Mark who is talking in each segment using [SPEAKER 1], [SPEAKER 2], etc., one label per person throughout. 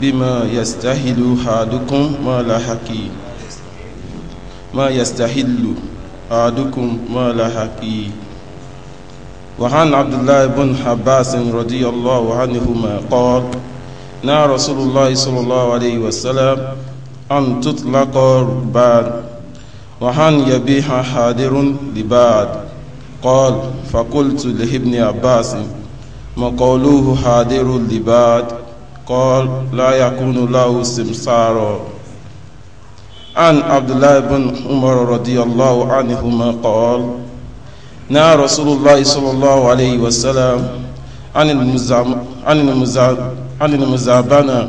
[SPEAKER 1] بما يستحل حادكم ما لا حكي ما يستحل حادكم ما لا حكي وعن عبد الله بن حباس رضي الله عنهما قال نا رسول الله صلى الله عليه وسلم أن تطلق ربان وعن يبيح حاضر لبعد قال فقلت لابن عباس ما قولوه حاضر لبعد قال لا يكون له سمسار عن عبد الله بن عمر رضي الله عنهما قال نهى رسول الله صلى الله عليه وسلم عن المزاب عن المزاب عن المزابنة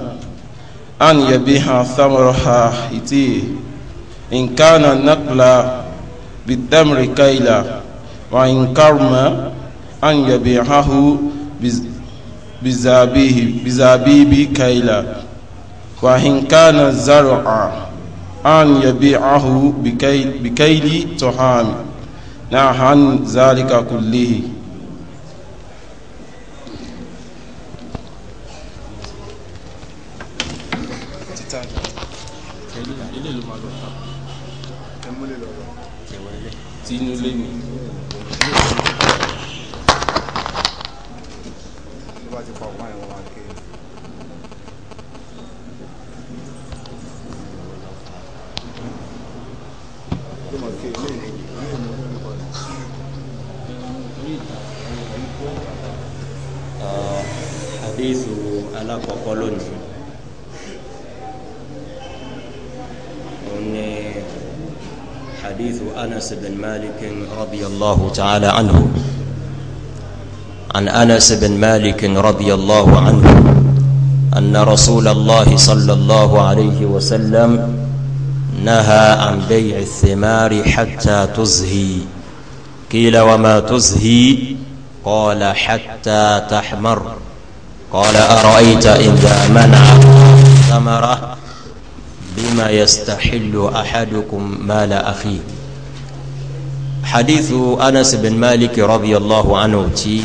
[SPEAKER 1] أن يبيع ثمرها حتي إن كان النقل بالتمر كيلا وإن كرم أن يبيعه bizabihi bizabibi kaila wa in kana zar'a an yabi'ahu bikaili tuhami na han zalika kullihi tinú lé
[SPEAKER 2] hadisu alakɔkɔ lónìí òní hadisu anas bin malik radiyallahu ta'ala anhu an anas bin malik radiyallahu anhu أن رسول الله صلى الله عليه وسلم نهى عن بيع الثمار حتى تزهي قيل وما تزهي قال حتى تحمر قال أرأيت إذا منع ثمرة بما يستحل أحدكم مال أخيه حديث أنس بن مالك رضي الله عنه تي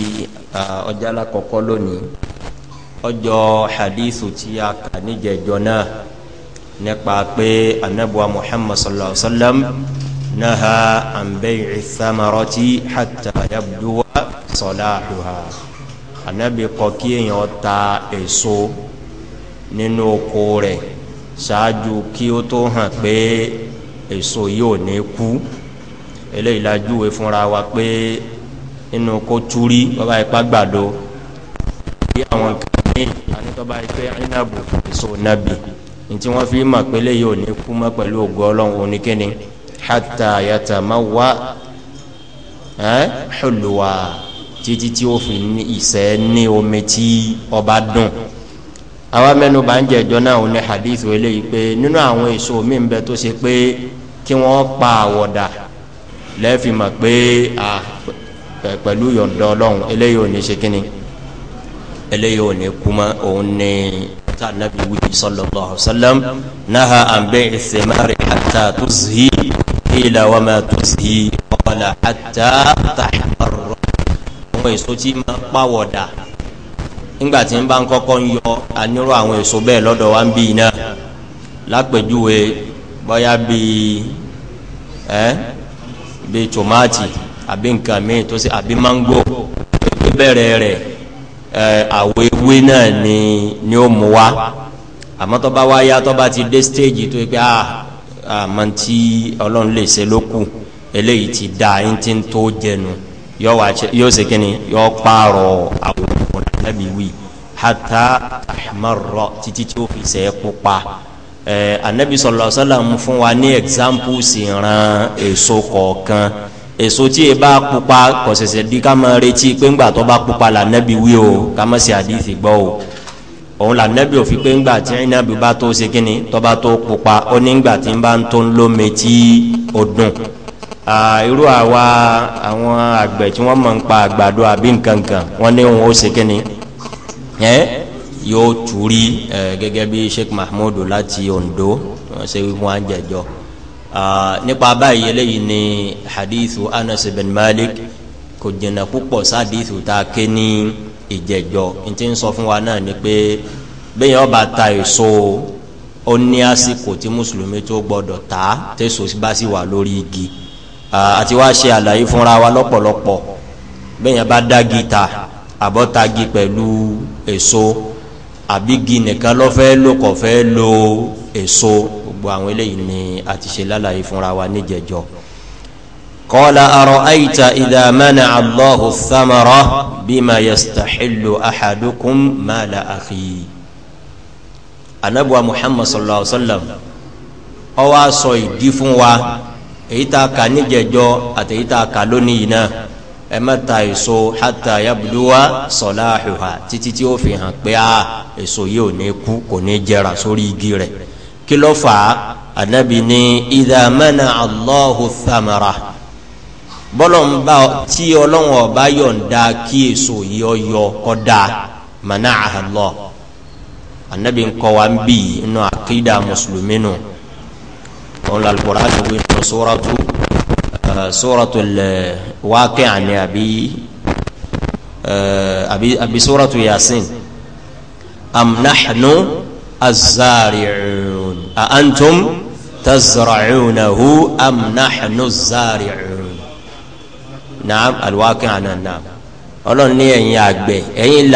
[SPEAKER 2] أجل قولني أجو حديث تي أكني جنا نقبع بي النبوة محمد صلى الله عليه وسلم نهى عن بيع الثمرة حتى يبدو صلاحها anabi kọ kí èèyàn ta èso nínú oko rẹ̀ ṣáájú kí ó tó hàn pé èso yìí ò ní kú eléyìí la júwe fúnra wa pé nínú kó túrí bàbá ipá gbàdo bí àwọn kan ní anítọ́ba ipé anínábù èso nábì ntí wọ́n fi mọ̀ pé léyìí ò ní kú mọ́ pẹ̀lú ògùn ọlọ́run oníkíni hatta yatamawa ẹ́ eh? títí tí ó fi ní ìṣẹ́ ní omi tí ọba dùn àwa mẹ́nu bá ń jẹ ìjọ náà ní hadith eléyìí pé nínú àwọn èso mi ń bẹ tó ṣe pé kí wọ́n pa àwọ̀dà lẹ́ẹ̀fì mọ̀ pé pẹ̀lú yọ̀ǹda ọlọ́run eléyìí ò ní ṣe kíni eléyìí ò ní kú mọ́ òun ní ta nabi wíyí sallallahu alaihi wasallam náà àǹbẹ̀ ìsèmárì hatta tuzhi ila wa ma tuzhi qala hatta tahtarra àwọn èso tí máa pàwọ̀dà nígbà tí ń bá ń kọ́kọ́ ń yọ anírò àwọn èso bẹ́ẹ̀ lọ́dọ̀ wa ń bí iná lápèjúwe bóyá bíi ẹ́ bíi tòmátì àbí nǹkan míì tó ṣe àbí máńgò tó bẹ̀rẹ̀ rẹ̀ ẹ̀ àwọ̀ ewé náà ni ni ó mú wa àmọ́ tó bá wá yá tó bá ti dé stéèjì tó yẹ pé ah, àmọ́ tí ọlọ́run lè ṣe lókù eléyìí ti dáa yín ti ń tó jẹnu yóò wá ṣe yóò ṣe kíni yóò pààrọ̀ àwọn ọ̀rọ̀ ànábì wí hata ahmarra títí tí ó fi ṣe pupa ẹ ànábì sallallahu alaihi wasallam fún wa ní ẹ̀xámpù sì ran èso kọ̀ọ̀kan èso tí e bá pupa kò ṣẹ̀ṣẹ̀ di ká máa retí pé ńgbà tó bá pupa là nẹ́bi wí o ká má ṣe àdìsí gbọ́ o òun là nẹ́bi òfin pé ńgbà tí ìnábi bá tó ṣe kíni tó bá tó pupa ó ní ńgbà tí ń bá tó ń lómi tí irú àwa àwọn àgbẹ̀ tí wọ́n mọ̀ ń pa àgbàdo àbí nkankan wọ́n ní òun ó ṣe kíni ẹ́ yóò túrí ẹ̀ gẹ́gẹ́ bí Sheikh Mahmood láti Ondo wọ́n ṣe wípé wọ́n á nípa báyìí eléyìí ni hadithu Anas bin Malik kò jìnnà púpọ̀ sáàdìsù tá ké ní ìjẹjọ́ n ti ń sọ fún wa náà ni pé bẹ́ẹ̀ yẹn ọba ta èso ó ní àsìkò tí mùsùlùmí tó gbọ́dọ̀ ta tẹ̀sọ̀ bá sì wà lórí igi àti wá ṣe àlàyé fúnra wa lọ́pọ̀lọpọ̀ bẹ́yẹn bá dá gita àbọ̀tagi pẹ̀lú èso àbígi nìkan lọ́fẹ́ ló kọ̀ fẹ́ lo èso gbogbo àwọn eléyìí ni a ti ṣe lálàyé fúnra wa níjẹ̀jọ́ kọ́lá arọ àyíta ìdá mẹ́nà allahu samara bima yastahilu ahadukum mala akhi anabuwa muhammad sallallahu alaihi wa sallam ó wá ìdí fún wa èyí tá a kà níjẹjọ àti èyí tá a kà lónìí yìí náà ẹ má ta èso hatta yabluwa salahuha títí tí ó fi hàn pé a ah, èso yìí ò ní kú kò ní jẹrà sórí igi rẹ̀ kí ló fà á anabi ni idha allahu thamara bọ́lọ̀nba tí ọlọ́run ọba yọ̀ǹda kí èso yìí ọyọ kọ́da mana allah anabi nkọ́ wa ń bì inú akida mùsùlùmí nù. No òun uh, làlùkùrá ni wí nù sóràtú sóràtú wákẹ́ àní àbí àbí sóràtú yasin am nahnu azari'un a antum tazra'unahu am nahnu zari'un naam alwaqi' àná naam ọlọ́run ní ẹ̀yin àgbẹ̀ ẹ̀yin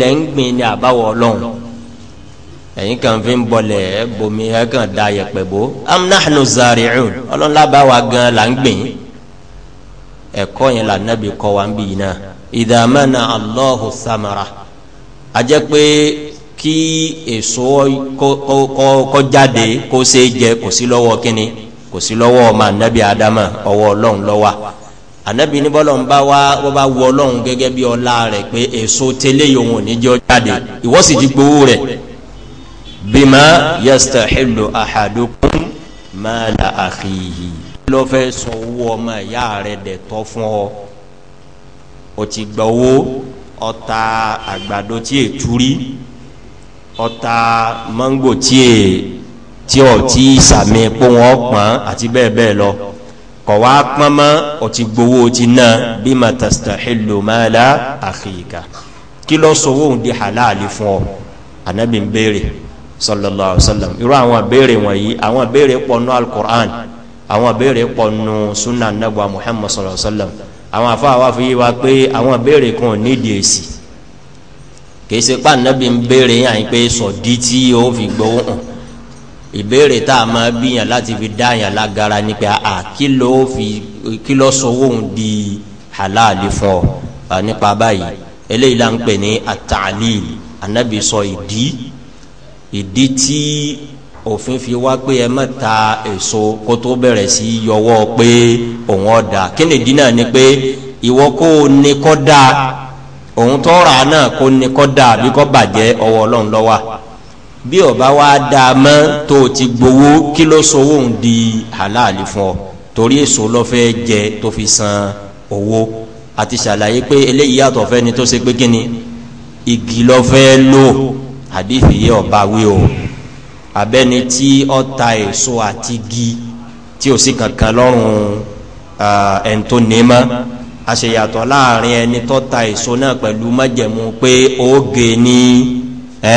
[SPEAKER 2] lẹ́ ń gbìn ní àbáwọ̀ ọlọ́run. ẹ̀yin kan fi ń bọlẹ̀ bomi kan da yẹpẹ̀ bo am zari'un ọlọ́nla wa gan la ń gbìn ẹ̀kọ́ yẹn la nàbí kọ́ wa ń bì yìí mana samara a pé kí èso kó jáde kó ṣe jẹ kò sí lọ́wọ́ kínní kò sí lọ́wọ́ ọmọ anabi adama ọwọ́ ọlọ́run lọ́wọ́ anabi ní bọ́lọ̀ ń bá wọ́n bá wọ ọlọ́run gẹ́gẹ́ bí ọlá
[SPEAKER 1] bima yastahilu
[SPEAKER 2] ahadukum mala akhihi lọ́fẹ́ sọ owó ọmọ ìyá rẹ̀ dẹ̀ tọ́ fún ọ o ti gba owó ọta àgbàdo tí ètú rí ọta mango tí è tí ọ tí sàmì pé wọn pọn àti bẹ́ẹ̀ bẹ́ẹ̀ lọ kọ̀ wá pọ́n mọ́ o ti gbowó ti ná bima tastahilu mala akhika kí lọ́ sọ owó òun di halali fún ọ ànábì ń béèrè sallallahu alaihi wa sallam irú àwọn abéèrè wọ̀nyí àwọn abéèrè pọnú alukur'an àwọn abéèrè pọnú sunna anabu muhammad sallallahu alaihi wa sallam àwọn afáwa fi wá pé àwọn abéèrè kan ò nídìí èsì kì í ṣe pa anabi ń béèrè yín àyín pé sọ̀dí tí ó fi gbowó hàn ìbéèrè tá a máa bíyàn láti fi dá yàn lágara ni pé a kí ló fi kí di halali fún ọ nípa báyìí eléyìí là ń pè ní at anabi sọ ìdí. So ìdí tí òfin fi wá pé ẹ má ta èso kó tó bẹ̀rẹ̀ sí yọwọ́ pé òun ọ̀dà kí ni ìdí náà ni pé ìwọ kó ní kọ́ da òun tó rà náà kó ní kọ́ da àbí kọ́ bàjẹ́ ọwọ́ ọlọ́run lọ́wọ́ bí ọba wa dá a mọ́ tó o ti gbowó kí ló so owó di halali fún ọ torí èso lọ́fẹ́ jẹ tó fi san owó àti ṣàlàyé pé eléyìí yàtọ̀ fẹ́ni tó ṣe pé kíni igi lọ́fẹ́ lò. Lo hadithi yìí ọba wí o abẹ́ni tí ó ta èso àti gi tí ó sì kankan lọ́rùn ẹ̀ńtó nímọ́ àṣeyàtọ̀ láàrin ẹni tó ta èso náà pẹ̀lú májẹ̀mú pé ó gé ní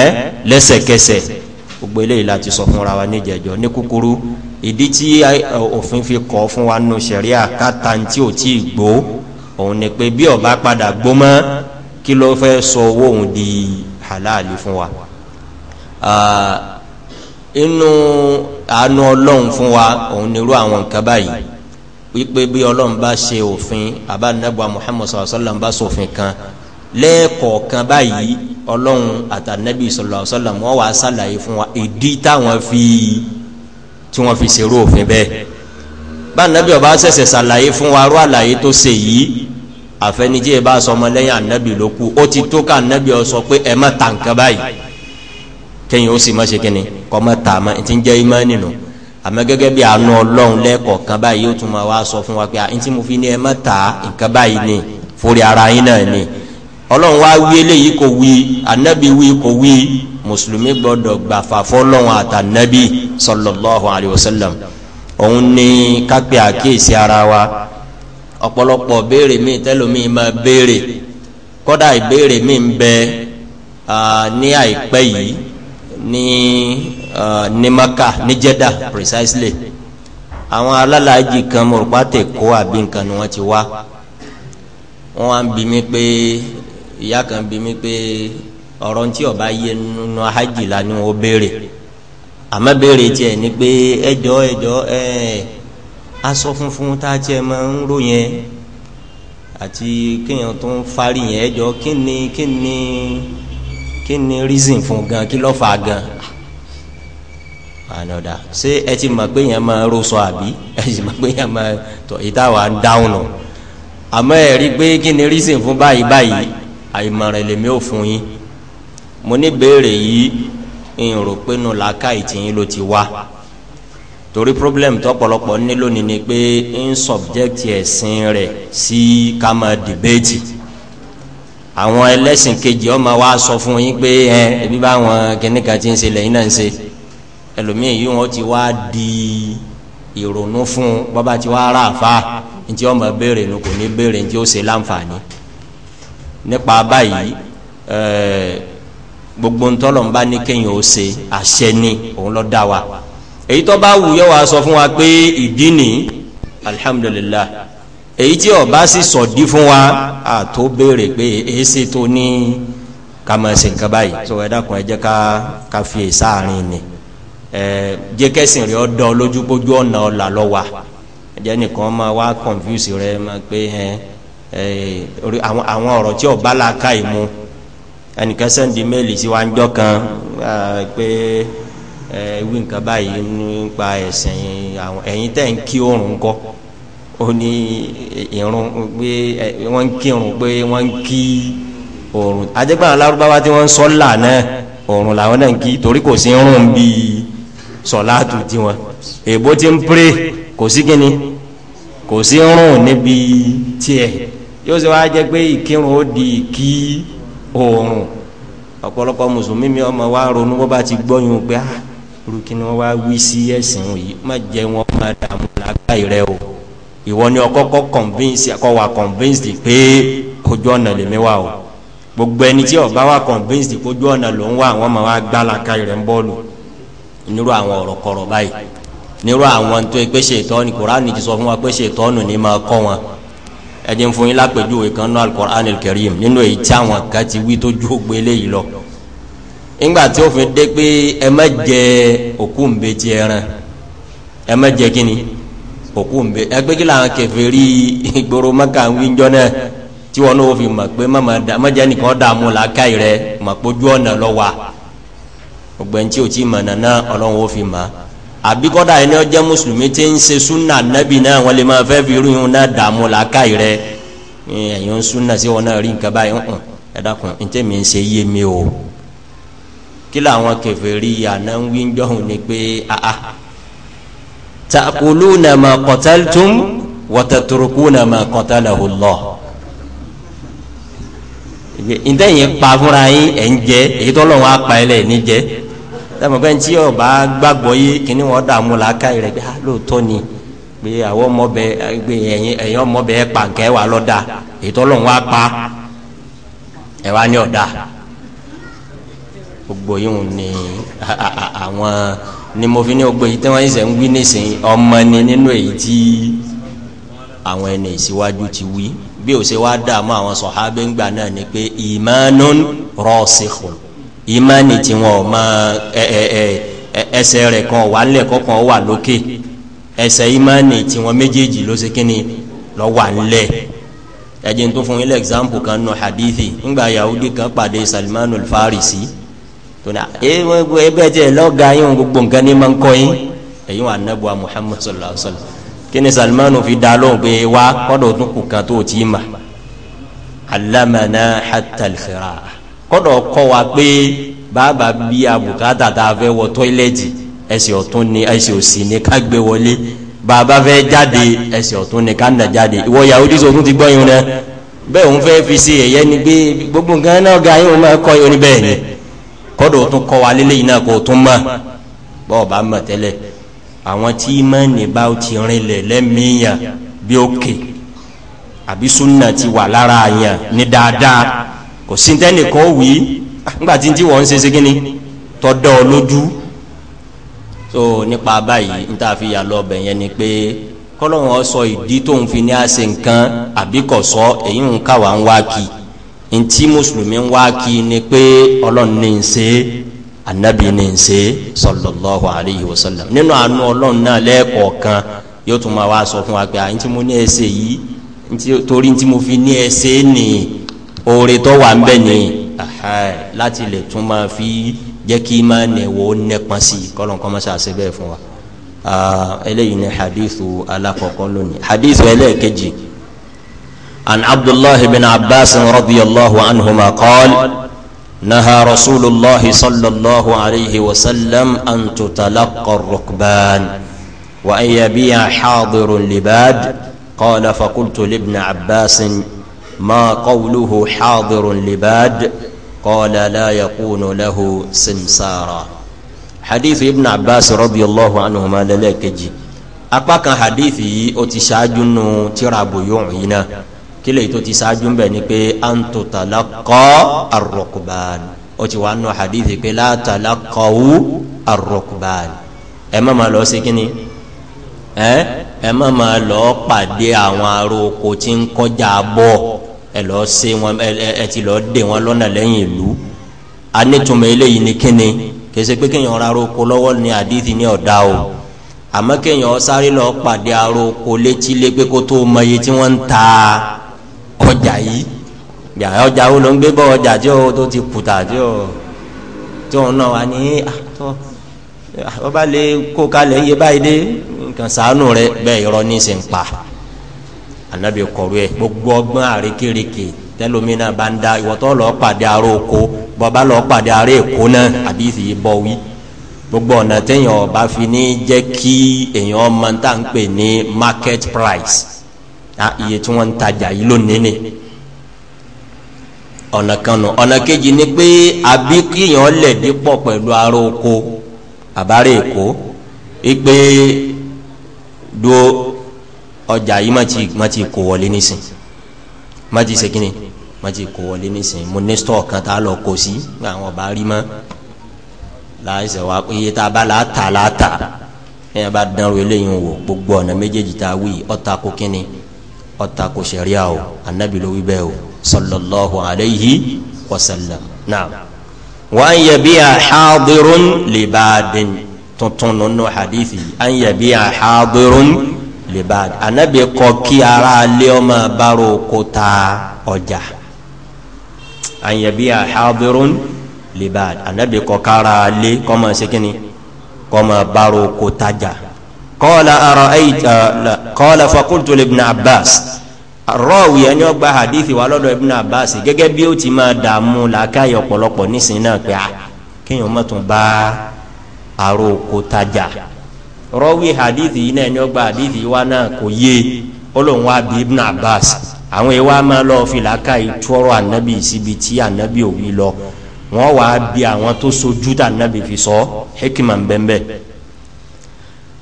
[SPEAKER 2] ẹ́ lẹ́sẹ̀kẹsẹ̀ gbogbo eléyìí la ti sọ fúnra wa níjẹ̀jọ́ ní kúkúrú ìdí tí òfin fi kọ́ fún wa nù sẹ̀ríà káta tí ò tí gbó òun ni pé bí ó padà gbó mọ́ kí ló fẹ́ sọ owó òun di halali fún wa inú àánú ọlọ́run fún wa òun nírú àwọn nǹkan báyìí wípé bí ọlọ́run bá ṣe òfin àbánẹ́bùa muhammed sallallahu alayhi wa sallam bá ṣòfin kan lẹ́ẹ̀kọ̀ọ̀kan báyìí ọlọ́run àtànẹ́bí sallallahu alayhi wa sallam wọ́n wàá ṣàlàyé fún wa ìdí táwọn fi tí wọ́n fi ṣerú òfin bẹ́ẹ̀ bánẹ́bí ọba ṣẹ̀ṣẹ̀ ṣàlàyé fún wa rú àlàyé tó ṣe yìí àfẹnijẹ́ bá sọmọ lẹ́yìn ànẹ́bí ó ti tó ká ànẹ́bí ọ sọ pé ẹ má ta nǹkan báyìí kéyìn ó sì má ṣe kíni kọ́mọ tà má ti ń jẹ́ ìmánì nù àmọ́ gẹ́gẹ́ bí àánú ọlọ́run lẹ́ẹ̀kọ̀ọ̀kan báyìí yóò tún máa wá sọ fún wa pé àyìn tí mo fi ní ẹ má tà nǹkan báyìí ni forí ara yín náà ni ọlọ́run wá wí eléyìí kò wí anábì wí kò wí mùsùlùmí gbọ́dọ̀ gbàfà fọlọ́run àtànábì sallallahu alayhi òun ni àkíyèsí ara wa ní ní Maka ní Jeddah precisely àwọn alálàájì kan mọ̀rùpátẹ̀ kó àbí nǹkan ni wọ́n ti wá wọ́n wá ń bi mí pé ìyá kan bi mí pé ọ̀rọ̀ tí ọba yé nínú hajj la ni wọ́n béèrè àmọ́ béèrè tiẹ̀ ni pé ẹjọ́ ẹjọ́ ẹ aṣọ funfun tá a tiẹ̀ máa ń rò yẹn àti kéèyàn tó ń farí yẹn ẹjọ́ kí ni kí ni kí ni reason fún gan kí ló fà gan ànọ̀dà ṣé ẹ ti mọ̀ pé yẹn máa rò sọ àbí ẹ ti mọ̀ pé yẹn máa tọ̀ ìtawà ń dáhùn nù àmọ́ ẹ rí i pé kí ni reason fún báyìí báyìí àìmọ̀ràn lèmi ò fún yín mo ní béèrè yìí ń pé nù làákàyè tìyín ló ti wá torí problem tọ́pọ̀lọpọ̀ nílò ni ni pé ń subject ẹ̀sìn rẹ̀ sí ká debate àwọn ẹlẹ́sìn kejì ọmọ wa sọ fún yín pé ẹ ẹbí báwọn kìnnìkan ti ń ṣe lẹ́yìn náà ń ṣe ẹlòmíì yìí wọn ti wá di ìrònú fún bàbá tí wàá rà fa ntí ọmọ béèrè ni kò ní béèrè ntí ó ṣe láǹfààní nípa báyìí ẹẹ eh, gbogbo ntọ́lọ́mba ní kéèyàn ó ṣe àṣẹ ni òun ló dá wa èyí tó bá wù yẹ wàá sọ fún wa pé ìdí ni alihamudulilayi èyí tí ọba sì sọ̀dí fún wa àtó béèrè pé èsì tó ní ká nǹkan báyìí tó ẹ dákun ká ká fi sáàrin ni ẹ jẹ́ kẹ́sìn rẹ̀ ọdọ lójúkójú ọ̀nà ọ̀là lọ́wà ẹ̀jẹ̀ nìkan máa wá confuse rẹ̀ máa pé ẹ àwọn ọ̀rọ̀ tí ọba la ká yìí mu ẹnìkan sẹ́ndí méèlì sí wa ń jọ́ kan pé ẹ wí nǹkan báyìí nípa ẹ̀sìn àwọn ẹ̀yin tẹ̀ ń kí oorun kọ́ Oni ní irun pé wọ́n ń kírun pé wọ́n ń kí oòrùn àjẹgbọ́n alárúbáwá tí wọ́n ń sọ là náà oòrùn làwọn náà ń kí torí kò sí irun bíi sọ̀láàtù tiwọn èbó ti ń péré kò sí kíni kò sí irun níbi tiẹ̀ yóò ṣe wá jẹ́ pé ìkírun ó di kí oòrùn ọ̀pọ̀lọpọ̀ mùsùlùmí mi ọmọ wa ronú bó bá ti gbọ́yìn pé ah rúkìnnì wọn wá wí sí ẹ̀sìn yìí má jẹ́ wọn má dààmú lágbàá rẹ o ìwọ ni ọkọ́kọ́ convince kọ́ wa convince pé ojú ọ̀nà lèmi wà o gbogbo ẹni tí ọba wa convince pé ojú ọ̀nà ló ń wà àwọn ọmọ wa gbá laka rẹ̀ ń bọ́ọ̀lù nírú àwọn ọ̀rọ̀ kọ̀rọ̀ báyìí nírú àwọn tó pé ṣètọ́ni Kùránì ti sọ fún wa pé ṣètọ́nù ni máa kọ́ wọn ẹ jẹ́ n fún yín lápèjúwe kan náà Al-Qur'anil Karim nínú èyí tí àwọn kan ti wí tó ju gbé léyìí lọ nígbà tí ó dé pé ẹ má jẹ òkú ń betí ẹran ẹ má jẹ kíni òkú nbẹ ẹgbẹ́ kí làwọn kèfèrí ìgboro mẹ́ka ń wíjọ́ náà tí wọn náà fi mọ̀ ma mọ̀jẹ́ nìkan dààmú làákàyè rẹ ma pé ọ̀nà lọ wà ọgbẹ́ni tí o ti ọlọ́run fi mọ̀ àbí kọ́dà ẹni ọjẹ́ mùsùlùmí tí ń súnà náà lè fẹ́ fi náà dààmú rẹ ẹ̀yin ń súnà sí wọn náà rí nǹkan báyìí ń ẹ mi ń mi o kí làwọn ń ta'kuluna ma qataltum wa tatrukuna ma qatalahu Allah. ǹtẹ́ yẹn pa fúnra yín ẹ̀ ń jẹ èyí tó lọ́wọ́ apá ẹ̀ lẹ̀ ní jẹ dáàmú pé ntí ọba gbàgbọ́ yé kíní wọn dààmú làákà rẹ̀ pé ah, lóòótọ́ ni pé àwọn ọmọbẹ gbé ẹ̀yìn ẹ̀yìn ọmọbẹ pa nkẹ́ wà lọ́dà èyí tó lọ́wọ́ apá ẹ̀ wá ní ọ̀dà gbogbo yìí ni àwọn ni mo fi ní o gbé yìí tí wọ́n ṣe ń wí nísìnyí ọmọ ni nínú èyí tí àwọn ẹni ìsíwájú ti wí bí o ṣe wá dààmú àwọn sọ̀hábẹ́ ńgbà náà ni pé ìmánun rọ́ọ̀sìkò ìmánì tí wọn ò mọ ẹsẹ̀ rẹ̀ kan wà ńlẹ̀ kọ́kàn wà lókè ẹsẹ̀ ìmánì tí wọn méjèèjì ló ṣe kíni lọ wà ńlẹ̀ ẹ̀jẹ̀ ń tó fún yín lẹ́ example kan nù hadithi ńgbà yahudi kan pàdé Salman al-Farisi tona ebe tẹ lọga yín gbogbo nǹkan ní máa ń kọ yín èyí wọn anabuwa muhammad sallallahu alaihi wa sallam kíni salimanu fi dá lóhùn pé wá kọ́dọ̀ tún kù kan tó o ti mà alamana hatalifera kọ́dọ̀ kọ́ wa pé bàbá bí abùkátà tá a fẹ́ wọ tọ́ílẹ̀tì ẹsẹ̀ ọ̀tún ni ẹsẹ̀ òsì ni ká gbé wọlé bàbá fẹ́ jáde ẹsẹ̀ ọ̀tún ni ká nà jáde ìwọ yahoo dísò tún ti gbọ́ yín rẹ bẹ́ẹ̀ òun fẹ́ fi ṣe ẹ̀yẹ́ ni pé gbogbo nǹkan náà ga yín òun máa kọ́ yín oníbẹ̀ẹ́ ni kọ́dọ̀ tún kọ́ wa lélẹ́yìn náà kò tún mọ̀ bọ́ọ̀ bá mọ̀ tẹ́lẹ̀ àwọn tí mọ́ni bá ti rinlẹ̀ lẹ́mìíyàn bí ó kè àbí súnà ti wà lára yàn ní dáadáa kò sí tẹ́nìkan wí ah, nígbà tí tí wọ́n ń ṣe ṣe ni tọ́dọ̀ lójú so nípa báyìí n ta fi yà lọ bẹ̀ yẹn ni pé kọ́lọ́hún ọ sọ ìdí tóun fi ní àṣẹ nǹkan àbí kò sọ èyí ń káwa ń wá kí i ntí mùsùlùmí ń wá kí ni pé ọlọ́run ní í anabi ní í ṣe sallallahu alayhi wa sallam nínú àánú ọlọ́run náà lẹ́ẹ̀kọ̀ọ̀kan yóò tún máa wá sọ fún wa pé à ntí mo ní ẹ ṣe yìí torí ntí mo fi ní ẹ ṣe ni oore tó wà ń bẹ ni láti lè tún máa fi jẹ́ kí máa nẹ̀wọ́ nẹ́pọn sí i kọ́lọ́n kọ́ máa ṣàṣẹ bẹ́ẹ̀ fún wa eléyìí ni hadithu alakọ̀kọ́ lónìí hadithu ẹlẹ́ẹ̀kejì. عن عبد الله بن عباس رضي الله عنهما قال نهى رسول الله صلى الله عليه وسلم أن تتلقى الركبان وأن يبيع حاضر لباد قال فقلت لابن عباس ما قوله حاضر لباد قال لا يكون له سمسارا حديث ابن عباس رضي الله عنهما للاكجي أقاك حديثي أتشاجن تراب kílè tó ti ṣáájú ń bẹ ni pé antotala kọ arọkuban ó ti wà nù hadithi pé látàlá kọwú arọkuban ẹ má ma lọ sí kíni ẹ ẹ má ma lọ pàdé àwọn aróko tí ń kọjá bọ ẹ lọ sí wọn ẹ ẹ ti lọ dé wọn lọ́nà lẹ́yìn ìlú anítùmọ̀ eléyìí ni kíni kèsì pé kéèyàn ra aróko lọ́wọ́ ni hadithi ni ọ̀dà o àmọ́ kéèyàn sáré lọ pàdé aróko létí lé pé kó tó mọ iye tí wọ́n kọjá yìí yàrá ọjà wo ló ń gbé bọ ọjà tí o tó ti kùtà tí o tí o nà wá ní àtọ ah, ọba lè kó kalẹ̀ yé báyìí dé nǹkan sànù rẹ bẹ́ẹ̀ irọ́ ní sè ń pa anabi kọ̀rọ̀ ẹ̀ gbogbo ọgbọ́n àrékèrèké tẹlómìnà bá ń da ìwọ́tọ́ lọ́ọ́ pàdé aró oko bọ́ba lọ́ọ́ pàdé aró èkó náà àbí ìfìyí bọ́ wí gbogbo ọ̀nà téèyàn ọba fi ní jẹ́ kí èèyàn máa ń tà ń pè ní market price Ah, iye tí wọ́n ń tajà yìí lónìí ni ọ̀nà kan nù ọ̀nà kejì ni pé àbí kíyàn lẹ̀ dípọ̀ pẹ̀lú aró oko àbárè èkó ipe do ọjà yìí má ti má ti kó wọlé nísìn má ti ṣe má ti kó wọlé nísìn mo ní stọọ kan tá a lọ kó sí àwọn ọba rí mọ láìsẹ wa pé iye tá a bá la ta la ta bá dánrò eléyìí wò gbogbo ọ̀nà méjèèjì tá a wí ọ̀ta kó kíni ọ̀tà kò sẹ̀ríà o anabi ló wí bẹ́ẹ̀ o sallallahu alayhi wa sallam naam. wọ́n yẹ bí a xaadirun libaadin tuntun nínú hadithi an yẹ bí a xaadirun libaadin anabi kọ kí ara lé ọmọ baro kó ta ọjà an yẹ bí a xaadirun libaad anabi kọ kára lé kọ́mọ sikini kọ́mọ baro kó tajà. قال أرأيت قال فقلت لابن عباس rọ́ọ̀wì ẹni ọgbà hadithi wa lọ́dọ̀ Ibn Abbas gẹ́gẹ́ bí ó ti máa dààmú làákàyè ọ̀pọ̀lọpọ̀ nísìnyí náà pé a ah, kéèyàn bá kò tajà rọ́ọ̀wì hadithi yìí hadithi wa náà kò yé olóhùn wa bí Ibn Abbas àwọn ìwà máa lọ fi làákàyè tọrọ ànábì síbi tí ànábì òwì lọ wọn wàá bí àwọn tó sojú fi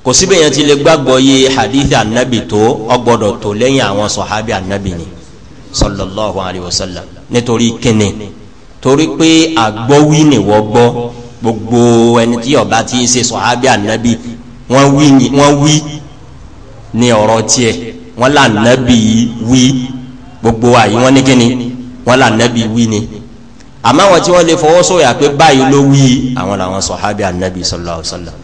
[SPEAKER 2] kò síbẹ̀ yẹn ti lè gbàgbọ́ yé hadith anabi tó ọgbọ́dọ̀ tó lẹ́yìn àwọn sọ̀hábì anabi ni sallallahu alayhi wa sallam nítorí kíni torí pé àgbọ́wí ni wọ́n gbọ́ gbogbo ẹni tí ọba ti ṣe sọ̀hábì anabi wọ́n wí ni wọ́n wí ni ọ̀rọ̀ tiẹ̀ wọ́n là anabi wí gbogbo àyè wọ́n ní kíni wọ́n là anabi wí ni àmọ́ àwọn tí wọ́n lè fọwọ́ pé báyìí ló wí àwọn làwọn sọ̀hábì anabi sallallahu alayhi wa sallam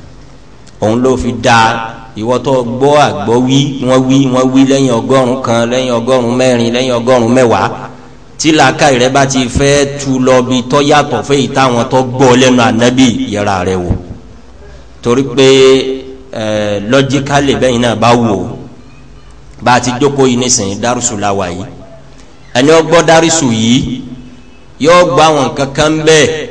[SPEAKER 2] òun ló fi da ìwọ tó gbọ́ àgbọ́ wí wọ́n wí wọ́n wí lẹ́yìn ọgọ́rùn kan lẹ́yìn ọgọ́rùn mẹ́rin lẹ́yìn ọgọ́rùn mẹ́wàá tí làákàyè rẹ bá ti fẹ́ tu lọ bí tọ́ yàtọ̀ fẹ́ yìí táwọn tó gbọ́ lẹ́nu ànábì yẹra rẹ wò torí pé ẹ lọ́jíkálì bẹ́yìn náà bá wò bá a ti jókòó yìí nísìnyí dárúsù la wà yìí ẹni ọgbọ́ dárúsù yìí yóò gbọ́ àwọn kankan bẹ́ẹ̀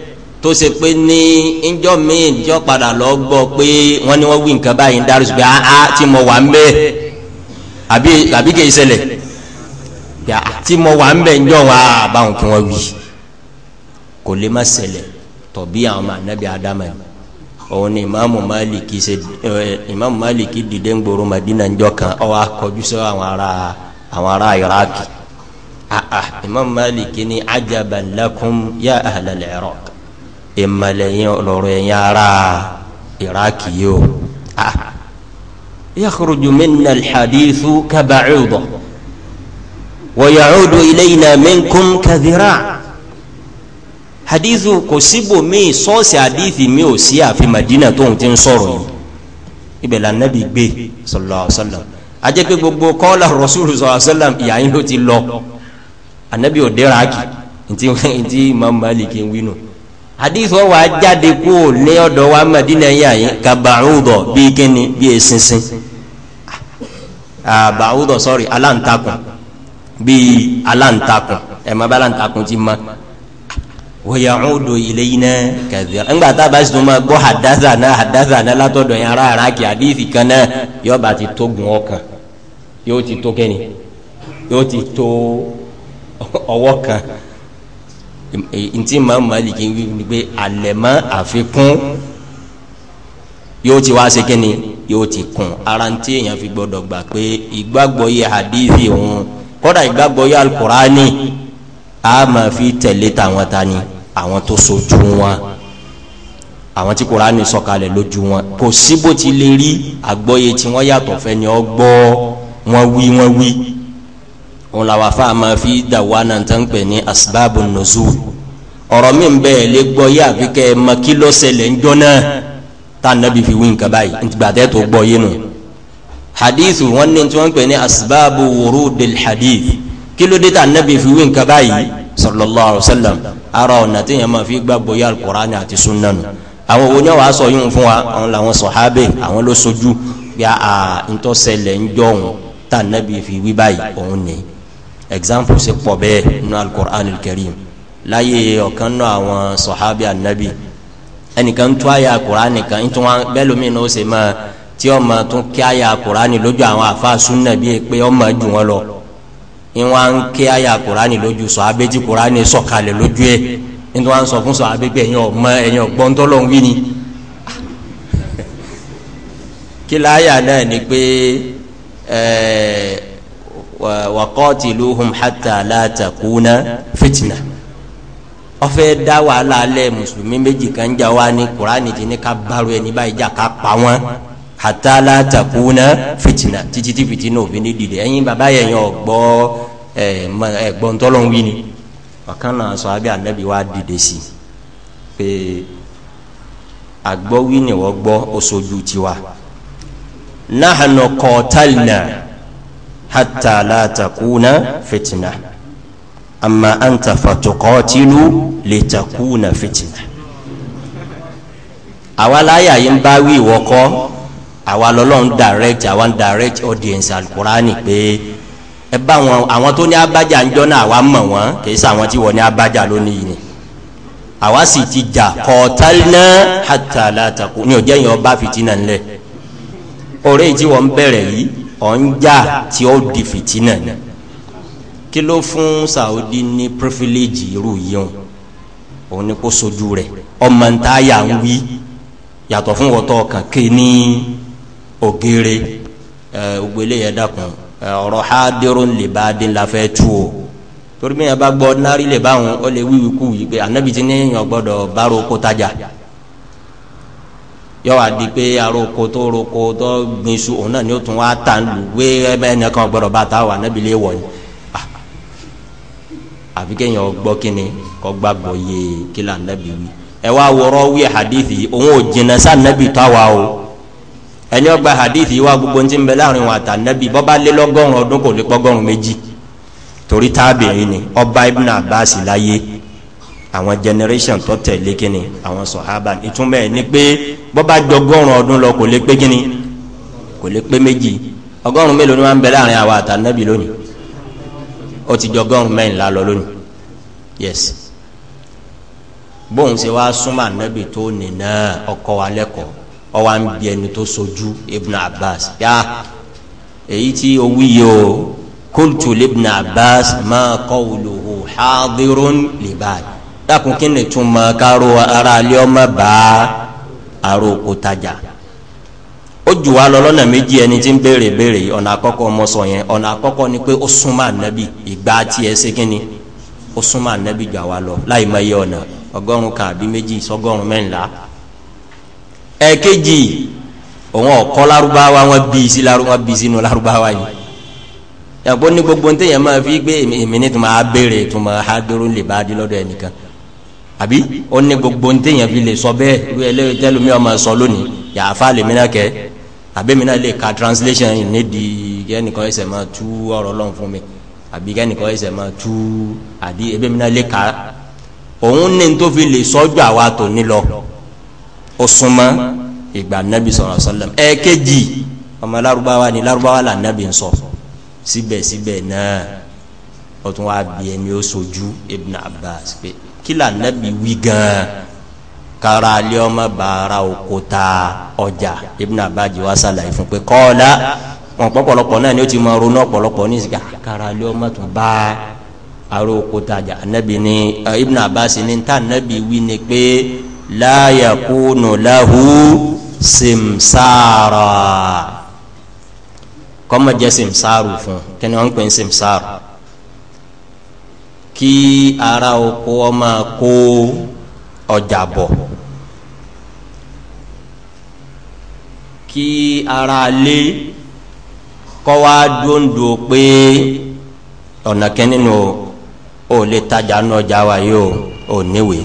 [SPEAKER 2] tó ṣe pé ní ìjọ míì ìjọ padà lọ gbọ́ pé wọ́n ní wọ́n wí nǹkan báyìí ń darí ṣùgbọ́n àá tí mo wà ń bẹ àbí àbí kì í ṣẹlẹ̀ ah, tí mo wà ń bẹ ń jọ wọn àá ah, báwọn kí wọ́n wí kò lè má ṣẹlẹ̀ tọ̀bí àwọn ọmọ anabi adama yìí òun ni imaamu maliki ṣe imaamu maliki dìde ń gbòòrò madina ń jọ kan ọ wa kọjú sí àwọn ará àwọn ará iraki ah ah imaamu maliki ni ajaban ya ahlal iraq ìmọ̀lẹ́yìn ọ̀rọ̀ ẹ̀yìn ara iraki yìí o ah, ah. yakhruju minna alḥadithu kabacudu wa yacudu ilayna minkum kadira hadithu kò síbò míì sọ́ọ̀sì hadithi mi ò sí àfi madina tóun ti ń sọ̀rọ̀ yìí ibẹ̀ la nabi gbé sallallahu alayhi wa sallam ajẹ́ pé gbogbo kọ́ọ̀lá rasulu sallallahu alayhi wa sallam ìyá yín ti lọ anabi ò dé raaki ntí ntí maliki ń No hadith wa jáde kú ní ọ̀dọ̀ wa madina yà yín ka bàrúdọ̀ bíi kíni bíi esinsin ah, bàrúdọ̀ sọ́rí aláǹtakùn bíi aláǹtakùn ẹ̀ má bá aláǹtakùn ti ma wòyàwòdò ilé yìí náà kẹfì rẹ ńgbà tá a bá sì tún máa gbọ́ hadasa náà hadasa náà látọ̀dọ̀ yẹn ara kan náà yóò bá ti tó gun ọkàn ti tó kẹ́ni yóò ti tó ọwọ́ kan ntí Imam Maliki wí pé alẹ́mọ́ àfikún yóò ti wá ṣe kínni yóò ti kún ara ntí èèyàn fi gbọ́dọ̀ gbà pé ìgbàgbọ́ yẹ hadithi òun kódà ìgbàgbọ́ yẹ alukurani a máa fi tẹ̀lé tàwọn tani àwọn tó sojú wọn àwọn tí kurani sọ̀kalẹ̀ lójú wọn kò síbò tí lè rí àgbọ́yé tí wọ́n yàtọ̀ fẹ́ ni ọ wọn wí wọn wí òun làwọn afa ma fi dà wà nàntà ń pè ní asbabu nuzul ọ̀rọ̀ mi bẹ́ẹ̀ lè gbọ́ yé àfi kẹ́ ẹ ma kí ló ṣẹlẹ̀ ń jọ náà tá a nàbí fi wí nǹkan báyìí ntìgbà tẹ́ tó gbọ́ yé nu hadithu wọn ní tí wọn pè ní asbabu wurudil hadith kí ló dé tá a nàbí fi wí nǹkan báyìí sallallahu alayhi wa sallam ara ọ̀nà tí yẹn ma fi gbàgbọ́ yé alukur'ani àti sunnanu àwọn wo ni wàá sọ yín fún wa àwọn làwọn sọ̀hábẹ́ àwọn ló sojú bí a ntọ́sẹ̀lẹ̀ ń jọ òun tá a nàbí fi wí báyìí òun nìyí example ṣe pọ̀ bẹ́ẹ̀ nínú alukur'an karim láyé ọ̀kan nínú àwọn sọ̀hábì anabi ẹnìkan tó àyà alukur'an kan ń tún bẹ́ẹ̀ lómi ní o ṣe máa tí ó máa tún kí àyà alukur'an lójú àwọn afa sunna bíi pé ó máa jù wọn lọ ìwọ̀n ń kí àyà kurani lójú sọ abéjì kurani sọ̀kalẹ̀ lójú ẹ̀ nítorí wọn sọ fún sọ abégbé ẹ̀yìn ọ̀mọ ẹ̀yìn ọ̀gbọ́ntọ́lọ̀ ń wí ni. kí láyà náà ni pé waqatiluhum hatta la takuna fitna ọfẹ da wàhálà alẹ mùsùlùmí méjì kan jà wá ní kurani ti ní ká baro ẹni báyìí jà ká pa wọn hatta la takuna fitna títí tí fìtínà òfin ní dìde ẹyin bàbá yẹn yẹn ọgbọ ẹ gbọntọlọn wí ni ọ̀kan náà sọ abẹ anabi wa dìde sí pé agbọ wí ni wọ́n gbọ́ oṣooju tiwa nahanu kọtalna. hatta la takuna fitina amma anta fatuqatilu litakuna fitina. àwa láyà yìí ń bá wí ìwọ́kọ́ àwa lọ́lọ́run direct àwa ń direct audience alukurani pé ẹ bá wọn àwọn tó ní abájà ń jọ́ náà àwa mọ̀ wọ́n kìí sọ àwọn tí wọ́n ní abájà lónìí yìí ni àwa sì ti jà kọ́ọ̀tàlínà hatta la takuna ní ọba fitina ńlẹ̀
[SPEAKER 1] ọ̀rẹ́ yìí tí wọ́n ń bẹ̀rẹ̀ yìí
[SPEAKER 2] ọ̀njà tí ó di fìtínà ni kí ló fún Saudi ní pírífílẹ́jì irú yìí òun ni kò sojú rẹ̀ ọmọ ntáyà ń wí yàtọ̀ fún wọ́tọ̀ kàn ké ní ògèrè ògbélé yẹn dàkún ọ̀rọ̀ ha dérò lè bá dé la fẹ́ tu o torí bí yẹn bá gbọ́ nárí lè bá wọn ó lè wíwí kú yìí pé ànábìtí ní yẹn gbọ́dọ̀ bárò kó tajà. yọ wá di pé aroko tó roko tó gbin na òun náà ni ó tún wá lu wé ẹbẹ ẹnìkan gbọdọ bá ta wà nábì lè ni ah, àfi kéèyàn gbọ́ kọ́ gbàgbọ́ yé kílà nábì ẹ wá wí hadithi òun ò jìnnà sá nábì tó o ẹni ọgbà hadithi wa gbogbo ń ti ń bẹ láàrin wọn àtà nábì lé lọ́gọ́rùn ọdún kò lè méjì torí tábìlì ni àwọn generation tó tẹ̀lé kíni àwọn sọ̀hábà ìtumọ̀ ẹ̀ ni pé bọ́ bá jọgọ́rùn ọdún lọ kò lè pé kíni kò lè pé méjì ọgọ́rùn mélòó ni wọ́n ń bẹ láàrin àwa àtànẹ́bì lónìí ó ti jọgọ́rùn mẹ́rìnlá lọ lónìí yes bóun ṣe wá súnmọ́ ànẹ́bì tó nìna ọkọ wa lẹ́kọ̀ọ́ ọwọ́ ń bi ẹni tó sojú ibn abbas yá èyí tí o wí yìí o qultu libn abbas ma qawluhu hadirun libad. dákun kí ni túmọ̀ káró ara ọmọ bá àrò òkútajà ó jù wá lọ lọ́nà méjì ẹni tí ń béèrè béèrè ọ̀nà àkọ́kọ́ sọ yẹn ọ̀nà àkọ́kọ́ ni pé ó súnmọ́ ànábì ìgbà ṣe ni ó súnmọ́ ànábì gbà wá lọ láì mọ iye ọ̀nà ọgọ́rùn méjì i sí àbí ó ní gbogbo ní téèyàn fi lè sọ bẹ́ẹ̀ wí ẹlẹ́yìn tẹ́lómi ọmọ sọ lónìí yàáfà lèmi náà kẹ́ àbẹ́mi náà lè ka translation yìí nídìí kẹ́nìkan ẹsẹ̀ máa tú ọ̀rọ̀ ọlọ́run fún mi àbí kẹ́nìkan ẹsẹ̀ máa tú àdí ẹbẹ́mi náà lè ka òun ní tó fi lè sọ́jú àwa tò ní lọ ó súnmọ́ ìgbà nábì sọ̀rọ̀ sọ́lẹ̀m ẹ̀ẹ́kejì ọmọ lárúbáwá ni lárúbáwá là nábì ń sọ síbẹ̀síbẹ̀ náà ó tún wá bí ẹni ó sojú ibn abbas pé kila nabi wi gan kara alẹ́ ọmọ baara òkúta ọjà ibn abaji wa sàlàyé fún pé kọ́ọ̀lá wọn pọ̀pọ̀lọpọ̀ náà ni ó ti máa ronú ọ̀pọ̀lọpọ̀ ní ìsìkà kara alẹ́ ọmọ tún bá aró òkúta ọjà anabi ni eh, ibn abasi ni ta anabi wi ni pé láyà kúnù láhu simsaara kọ́mọ jẹ́ simsaaru fún kí ni wọ́n simsaaru kí ara oko ọmọ kó ọjà bọ̀ kí ara lé kọ́ wá dóńdó pé ọ̀nà kẹ́nínú ò lè tajà ní ọjà wa yìí ò níwèé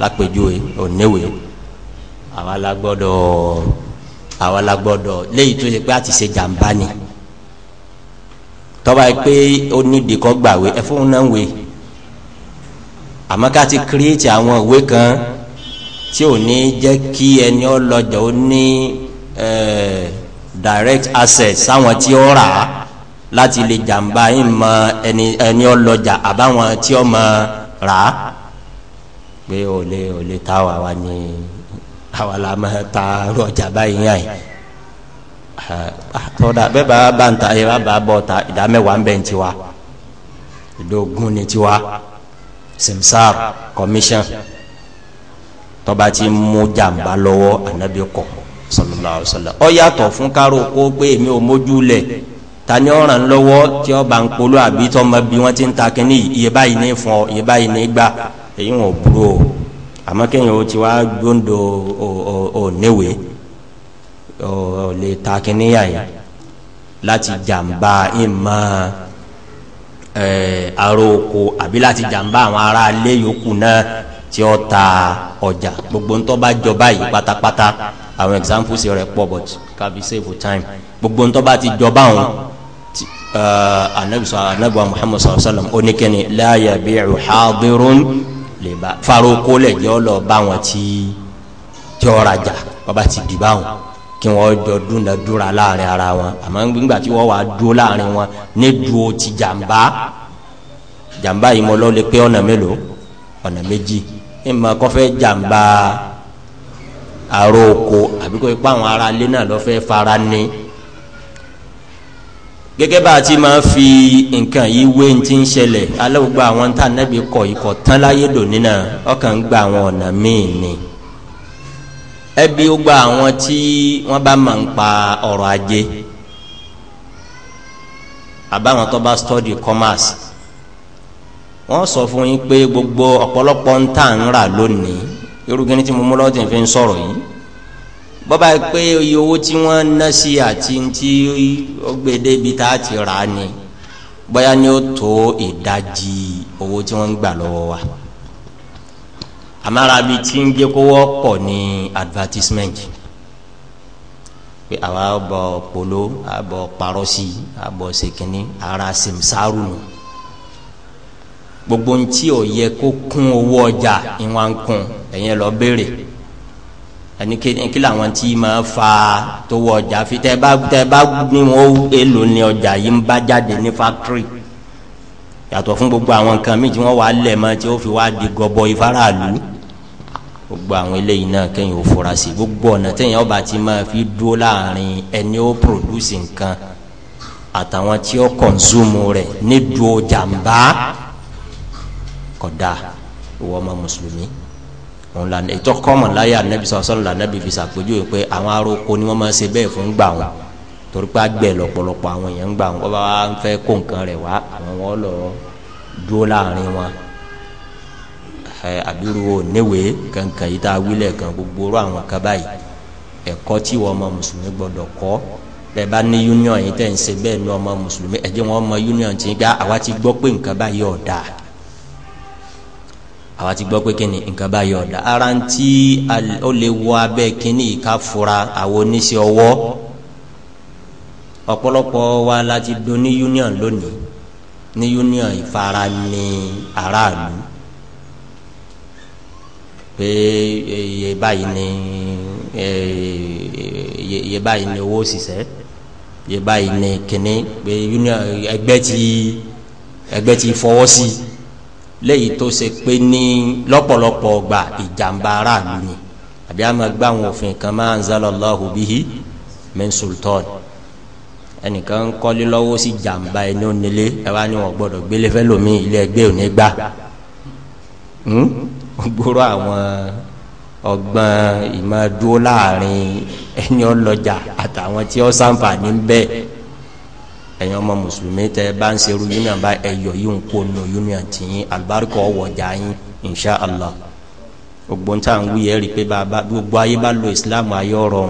[SPEAKER 2] lápèjúwe ò níwèé àwa la gbọ́dọ̀ àwa la gbọ́dọ̀ léyìí tó ṣe pé a ti ṣe jàǹbá ni tọ́ba yìí pé ó ní ìdíkọ́ gbàwé ẹ fún un náà wé àmọ́ ká ti kírètì àwọn ìwé kan tí ò ní jẹ́ kí ẹni ọlọ́jà ó ní eh, direct access sáwọn tí ó rà á láti lè jàǹbá yín mọ ẹni ẹni ọlọ́jà àbáwọn tí ó mọ rà á pé ò lè ò lè ta wà wá àwa la máa ta ọjà báyìí yàn yìí tọ́da bẹ́ẹ̀ bá bá ń ta ẹ bá bá bọ̀ ta ìdá mẹ́wàá ń bẹ̀ ń tiwa ìdógún ni tiwa simsar commission tọba ti mú jàmbá lọ́wọ́ anabi kọ sallallahu alaihi wasallam ọ yàtọ̀ fún kárò kó pé èmi ò mójú lẹ̀ tani ọ̀ràn lọ́wọ́ tí ọba ń polo àbí tọmọ bí wọ́n ti ń ta kínní iye báyìí ní fún ọ iye báyìí ní gbà èyí wọn ò burú o àmọ́ kéèyàn ó ti wá gbóńdò ò ò ò níwèé ọ̀ lè ta kìnìyà yìí láti jàǹbá aroko aróko àbí láti jàǹbá àwọn ará ilé yòókù náà tí ta ọjà gbogbo ń tó bá jọ báyìí pátápátá àwọn examples rẹ̀ pọ̀ but kàbí save time gbogbo ń tó bá ti jọ báwọn anabiwa muhammadu sallallahu alaihi wa sallam oníkẹ́ni la yabi'u hadirun lè ba faroko lẹ̀ jọ́ lọ báwọn tí tí ó rajà ti di báwọn. kí wọ́n jọ dúnadúrà láàrin ara wọn àmọ́ gbígbà tí wọ́n wà dúó láàrin wọn ní dúó ti jàmbá jàmbá yìí mo lè pé ọ̀nà mélòó ọ̀nà méjì ẹ̀ kọ́ fẹ́ jàmbá oko àbí kò pa àwọn a fi nǹkan yìí wé ti ń ṣẹlẹ̀ alẹ́ gbogbo àwọn tá a nẹ́bi kọ̀ ikọ̀ tán láyé náà gba àwọn ọ̀nà ni. ẹbí ó gba àwọn tí wọ́n bá máa ń pa ọ̀rọ̀ ajé àbáwọn tó bá study commerce wọ́n sọ fún yín pé gbogbo ọ̀pọ̀lọpọ̀ ń tà ń rà lónìí irúgbìn tí mo mú lọ́wọ́ tí n fi ń sọ̀rọ̀ yìí bọ́bá pé iye owó tí wọ́n ná sí àti tí ó gbé débi tá a ti rà á ni bóyá ni ó tó ìdajì owó tí wọ́n ń gbà lọ́wọ́ wa àmàrà bi tí ń jẹ́ kó wọ́pọ̀ ní advertisement pé àwa bọ̀ polo àbọ̀ parọ́sì àbọ̀ sèkínní ara simsaru nù gbogbo ntí ò yẹ kó kún owó ọjà ìwà ń kún ẹ̀yẹn lọ béèrè ẹni kí làwọn tí máa fa tó wọ ọjà fi tẹ bá tẹ bá ní èlò ní ọjà yìí ń bá jáde ní factory yàtọ̀ fún gbogbo àwọn nǹkan míì tí wọ́n wà lẹ̀ mọ́ tí ó fi wá di gọbọ ìfaraàlú gbogbo àwọn eléyìí náà kẹ́yìn ò fura sí gbogbo ọ̀nà tẹ̀yìn ọba ti máa fi dúró láàrin ẹni ó pòdúsì nǹkan àtàwọn tí ó kọ̀nsúmù rẹ̀ nídùú jàǹbá kódà ìwọ ọmọ mùsùlùmí òun là ètò láyé ànábì sọ̀sọ́ là ànábì fi àwọn aróko ni wọ́n máa ń ṣe bẹ́ẹ̀ fún gbà wọn torí pé agbẹ̀ lọ́pọ̀lọpọ̀ àwọn èèyàn ń gbà wọn bá ń fẹ́ kó nǹkan rẹ̀ wá àwọn wọn lọ dúró láàrin wọn àbúrò níwèé kankan yìí tá a wílẹ̀ kan gbogbo orú àwọn kan báyìí ẹ̀kọ́ tí wọ́n ọmọ mùsùlùmí gbọ́dọ̀ kọ́ bẹ́ẹ̀ bá ní union yìí tẹ̀ ń ṣe bẹ́ẹ̀ ní ọmọ mùsùlùmí ẹ̀jẹ̀ wọn ọmọ union ti gbá àwa ti gbọ́ pé nǹkan báyìí ọ̀dà àwa ti gbọ́ pé kí ni nǹkan báyìí ọ̀dà ara ń tí ó lè wọ abẹ́ kínní ìka fura àwọn oníṣẹ́ ọwọ́ ọ̀pọ̀lọpọ̀ wa láti do ní union lónìí ní union ìfara ní aráàlú pé e, iye báyìí ni e, iye báyìí ni owó òṣìṣẹ́ iye báyìí ni kìnní pé union ẹgbẹ́ ti ẹgbẹ́ ti fọwọ́ sí léyìí tó ṣe pé ní lọ́pọ̀lọpọ̀ ọgbà ìjàmbá aráàlú ni àbí a máa gbá àwọn òfin kan ma anzalallahu bihi min sultan ẹnìkan kọ́lé lọ́wọ́ sí jàǹbá ẹni onílé ẹwà ni wọn gbọ́dọ̀ gbélé fẹ́ lómi ilé ẹgbẹ́ òní gbà hmm? gbóró àwọn ọgbọ́n ìmọ̀dúró láàrin ẹni ọlọ́jà àtàwọn tí ó sàǹfààní bẹ́ ẹ̀yin ọmọ mùsùlùmí tẹ bá ń ṣerú union bá ẹyọ yìí ń kó nu union tìyín àlùbáríkọ ọwọ́jà yín insha allah ògbóǹtà ń wí ẹ̀rí pé bàbá gbogbo ayé bá lo ìsìláàmù ayé ọ̀rọ̀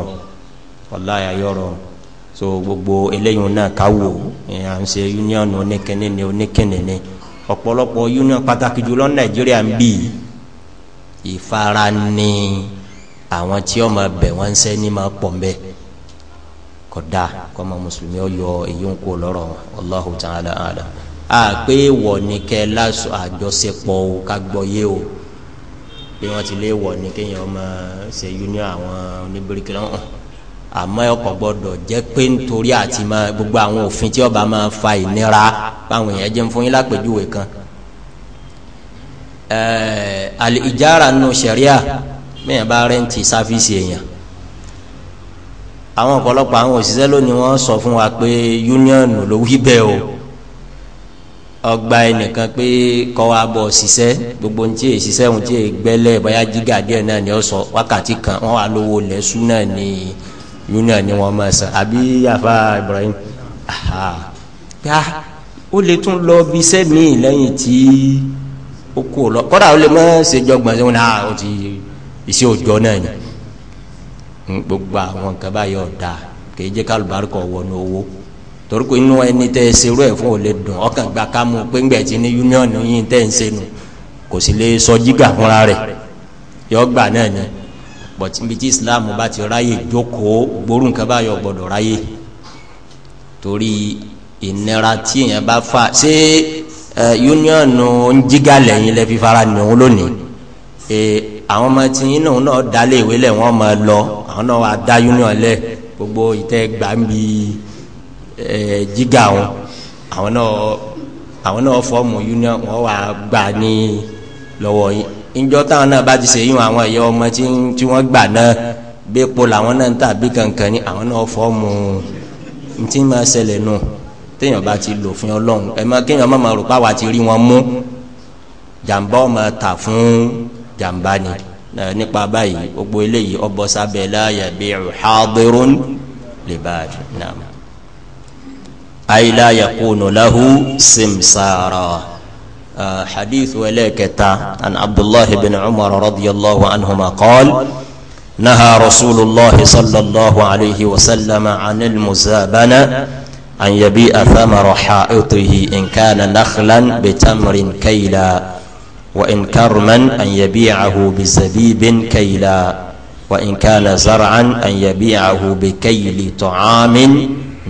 [SPEAKER 2] ọ̀la ayé ọ̀rọ̀ ọ̀rọ̀ so gbogbo eléyìí náà ká wò à ń ṣe union oníkíní ni oníkíní ni ọ̀pọ̀lọpọ̀ union pàtàkì jùlọ nàìjíríà ń bì ìfara ni àwọn tí ọmọ bẹ̀ wọ́n ń sẹ́ ní máa pọ̀ mbẹ́ kódà kọ́mọ mùsùlùmí ọyọ èyí ń kó lọ́rọ̀ wọn Allahu ta'ala àdá a pé wọ̀ ní kẹ́ lásù àjọṣepọ̀ o ká gbọ́ yé o bí wọ́n ti lé wọ̀ ní kéèyàn ọmọ ṣe union àwọn oníbíríkì náà àmọ́ ọkọ̀ gbọ́dọ̀ jẹ́ pé nítorí àti máa gbogbo àwọn òfin tí ọba máa fa ìnira báwọn èèyàn jẹ́ ń fún yín lápèjúwe kan. àlè ìjára nù sẹ̀ríà mẹ́yìn bá rẹ́ǹtì sáfíìsì èèyàn àwọn ọ̀pọ̀lọpọ̀ àwọn òṣìṣẹ́ lónìí wọ́n sọ fún wa pé yúníọ̀nù ló wí bẹ́ẹ̀ o ọgbà ẹnìkan pé kọ́ wa bọ̀ ṣiṣẹ́ gbogbo ní tí èyí ṣiṣẹ́ òun tí èyí gbẹ́lẹ̀ bóyá jígà díẹ̀ náà ni ó sọ wákàtí kan wọ́n wà lówó lẹ́sùn náà ni yìí náà ni wọ́n máa san àbí yàfa Ibrahim aha yá ó lè tún lọ bí sẹ́mi lẹ́yìn tí ó kó lọ kọ́dà ó lè má ṣe jọgbọ̀n sí wọn náà ah, ó ti iṣẹ́ òjọ́ náà ni gbogbo àwọn nǹkan báyọ̀ ọ̀dà kì í jẹ́ ká alùbáríkọ̀ wọnú owó toroko inú ẹni tẹ ẹ serú ẹ fún òle dùn ọkàn gba ká pé ńgbẹ tí ní union yìí tẹ ẹ ń senu kò sì lè sọ jígà fúnra rẹ̀ yọ gbà náà ni but ibi tí islam bá ti ráyè jókòó gbóòrú nǹkan báyọ̀ gbọ́dọ̀ ráyè torí ìnira tí èèyàn bá fà ṣé yúníọ̀nù oníjìgà lẹ́yìn lẹ́ fi fara nìyẹn lónìí àwọn ọmọ tí yín náà náà dálé ìwé lẹ̀ wọ́n máa lọ àwọn náà wàá dá yúníọ̀n lẹ̀ gbogbo ìtẹ́ gbàmbí jìgà wọn àwọn náà fọ́ọ̀mù yúníọ̀n wọ́n wàá gbà ní lọ́wọ́ yín ìjọ táwọn náà bá ti ṣe yíwọn àwọn ẹ̀yẹ ọmọ tí wọ́n gbà náà bí epo làwọn náà ń tà bí kankan ní àwọn náà fọ́ọ̀mù ntí máa ṣẹlẹ̀ nù téèyàn bá ti lò fún ọlọ́run ẹ kéèyàn má máa rò pé àwa ti rí wọn mú jàǹbá ọmọ tà fún jàǹbá ni nípa báyìí gbogbo eléyìí ọbọ sábẹ láàyè bí hadirun lè bá a dùn náà. ayé láàyè kó nù láhù simsara. حديث ولاكتا عن عبد الله بن عمر رضي الله عنهما قال نهى رسول الله صلى الله عليه وسلم عن المزابنة أن يبيع ثمر حائطه إن كان نخلا بتمر كيلا وإن كرما أن يبيعه بزبيب كيلا وإن كان زرعا أن يبيعه بكيل طعام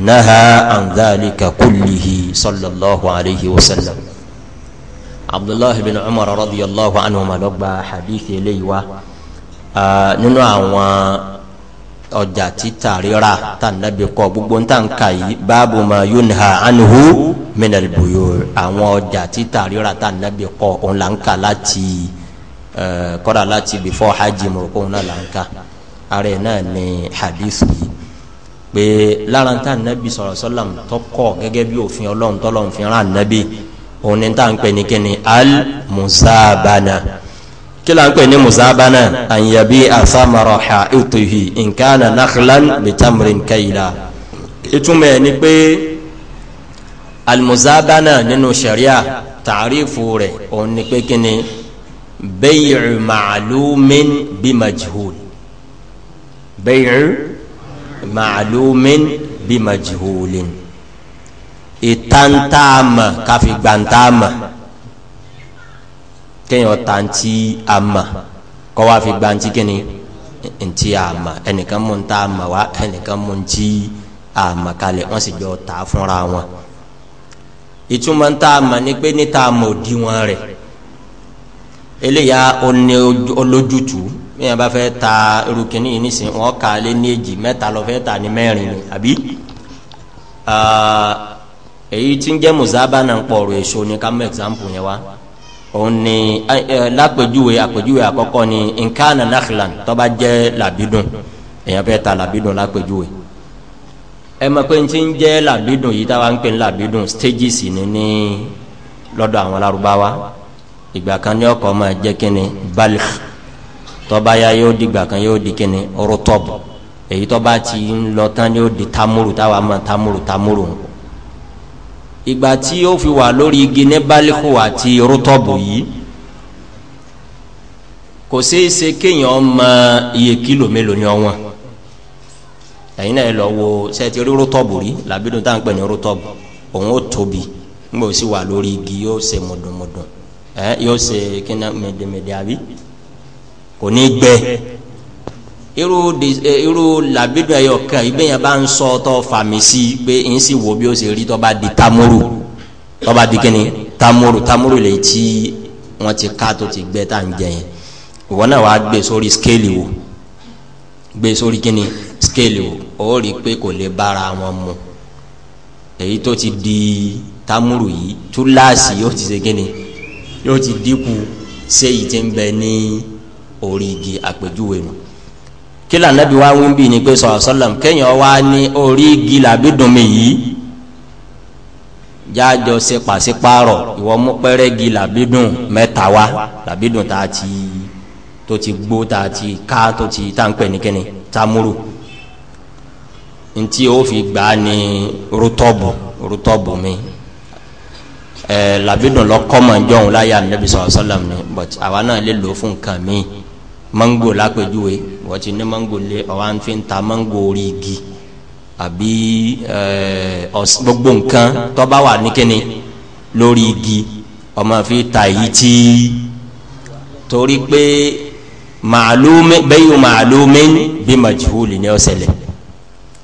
[SPEAKER 2] نهى عن ذلك كله صلى الله عليه وسلم abdullahi bin umar radiyallahu anhuma ló gba hadithi eléyìí wá nínú àwọn ọjà títà rírà tá nàbí kọ gbogbo ń tà ń kà yìí báàbù ma yunha anhu minal buyu àwọn ọjà títà rírà tá nàbí kọ òun là ń kà láti kọ́ra láti before hajj mọ̀rọ̀kọ́ òun náà là ń kà ara ẹ̀ náà ni hadith yìí pé lára ń tà nàbí sọ̀rọ̀ sọ́làm tó gẹ́gẹ́ bí òfin ọlọ́run tọ́lọ́run fi rán nàbí òun ni tá à ń pè ní kíni al muzabana kí là ń pè ní muzabana ànyàbí asamara ha ìtuhi nkàna nakhlan bitamrin kayla ìtumọ̀ ẹ̀ ni pé al muzabana nínú sharia tàrífù rẹ̀ òun ni pé kíni bẹ́yìí màálùmín bí majhul bẹ́yìí màálùmín bí majhulin tantaama káfi gbantaama kéèyàn tanti ama kọ́ wa fi gbanti kíni ntí ama ẹnìkan mú ntá ama wa ẹnìkan mú ntí ama kalẹ̀ wọ́n sì jọ ta fúnra wọn ìtumọ̀ ntá ama ni pé níta ama ò di wọn rẹ̀ eléyà oní olójútu bíyàn bá fẹ́ ta irukini yìí nísìnyí wọ́n kà ní èjì mẹ́ta lọ ta ní mẹ́rin ni àbí èyí tí ń jẹ́ mùsàbánà ń pọ̀rọ̀ èso ni ká mú ẹ̀xámpù yẹn wá òun ni lápèjúwe àpèjúwe àkọ́kọ́ ni nkánà nakhlan tó bá jẹ́ làbídùn èèyàn fẹ́ ta làbídùn lápèjúwe ẹ mọ̀ pé n ti ń jẹ́ làbídùn yìí táwa ń pè ní làbídùn stages ni ní lọ́dọ̀ àwọn Lárúbáwá ìgbà kan ní ọkọ̀ máa jẹ́ kíni balẹ̀ tó ya yóò di ìgbà kan yóò di kíni rotọ́bù èyí tó ti ń lọ tán yóò tamuru táwa máa tamuru tamuru ìgbà tí ó fi wà lórí igi ní bálíkù àti rótọ́bù yìí kò ṣeé ṣe kéèyàn mọ iye kílò mélòó ní ọwọ́n ẹ̀yin náà lọ wo ṣe rí rótọ́bù rí làbídùn tá à ń pè ní rótọ́bù òun ó tóbi nígbà ó sì wà lórí igi yóò ṣe mọ̀dùnmọ̀dùn ẹ yóò ṣe kíná mẹ̀dẹ̀mẹ̀dẹ̀ àbí kò ní gbẹ irú eh, irú làbídùn ẹyọ kan ibẹ̀ yẹn bá ń sọ tọ́ fàmì sí pé n sì wo bí ó ṣe rí tọ́ba di tamuru tọ́ba di kíni tamuru tamuru lè ti wọ́n ti ká tó ti gbẹ tá à ń jẹ yẹn ìwọ náà wàá gbé sórí skéèlì wò gbé sórí kíni skéèlì wò ó rí pé kò lè bára wọn mu èyí tó ti di tamuru yìí túláàsì yóò ti ṣe kíni yóò ti dínkù séyìí ti ń bẹ ní orí igi àpèjúwe mu kila nabi wa wí bí ni pé sọ àṣọlọm kéèyàn wá ní orí igi làbí dùnmí yìí jájọ ṣe pàṣípàrọ̀ ìwọ mú pẹrẹgì làbí dùn mẹ́ta wá làbí dùn tá a ti tó ti gbó tá a ti ká tó ti tá n pè tamuru ntí o fi gbà ní rútọbù rútọbù mi ẹ làbí dùn lọ kọ́mọ̀ jọ̀hún láyé anabi sọ̀rọ̀ sọ́lá mi but àwa náà lè lò ó fún nǹkan mi mango lápẹjúwe wọ́n ti ní mango lé ọ̀wá fi ń ta mango orí igi àbí eh, gbogbo nǹkan tó bá wà níkíni lórí igi ọmọ fi ta èyí tí torí pé màálùmí bẹ́yìn màálùmí bí màjúwòlì ni ó ṣẹlẹ̀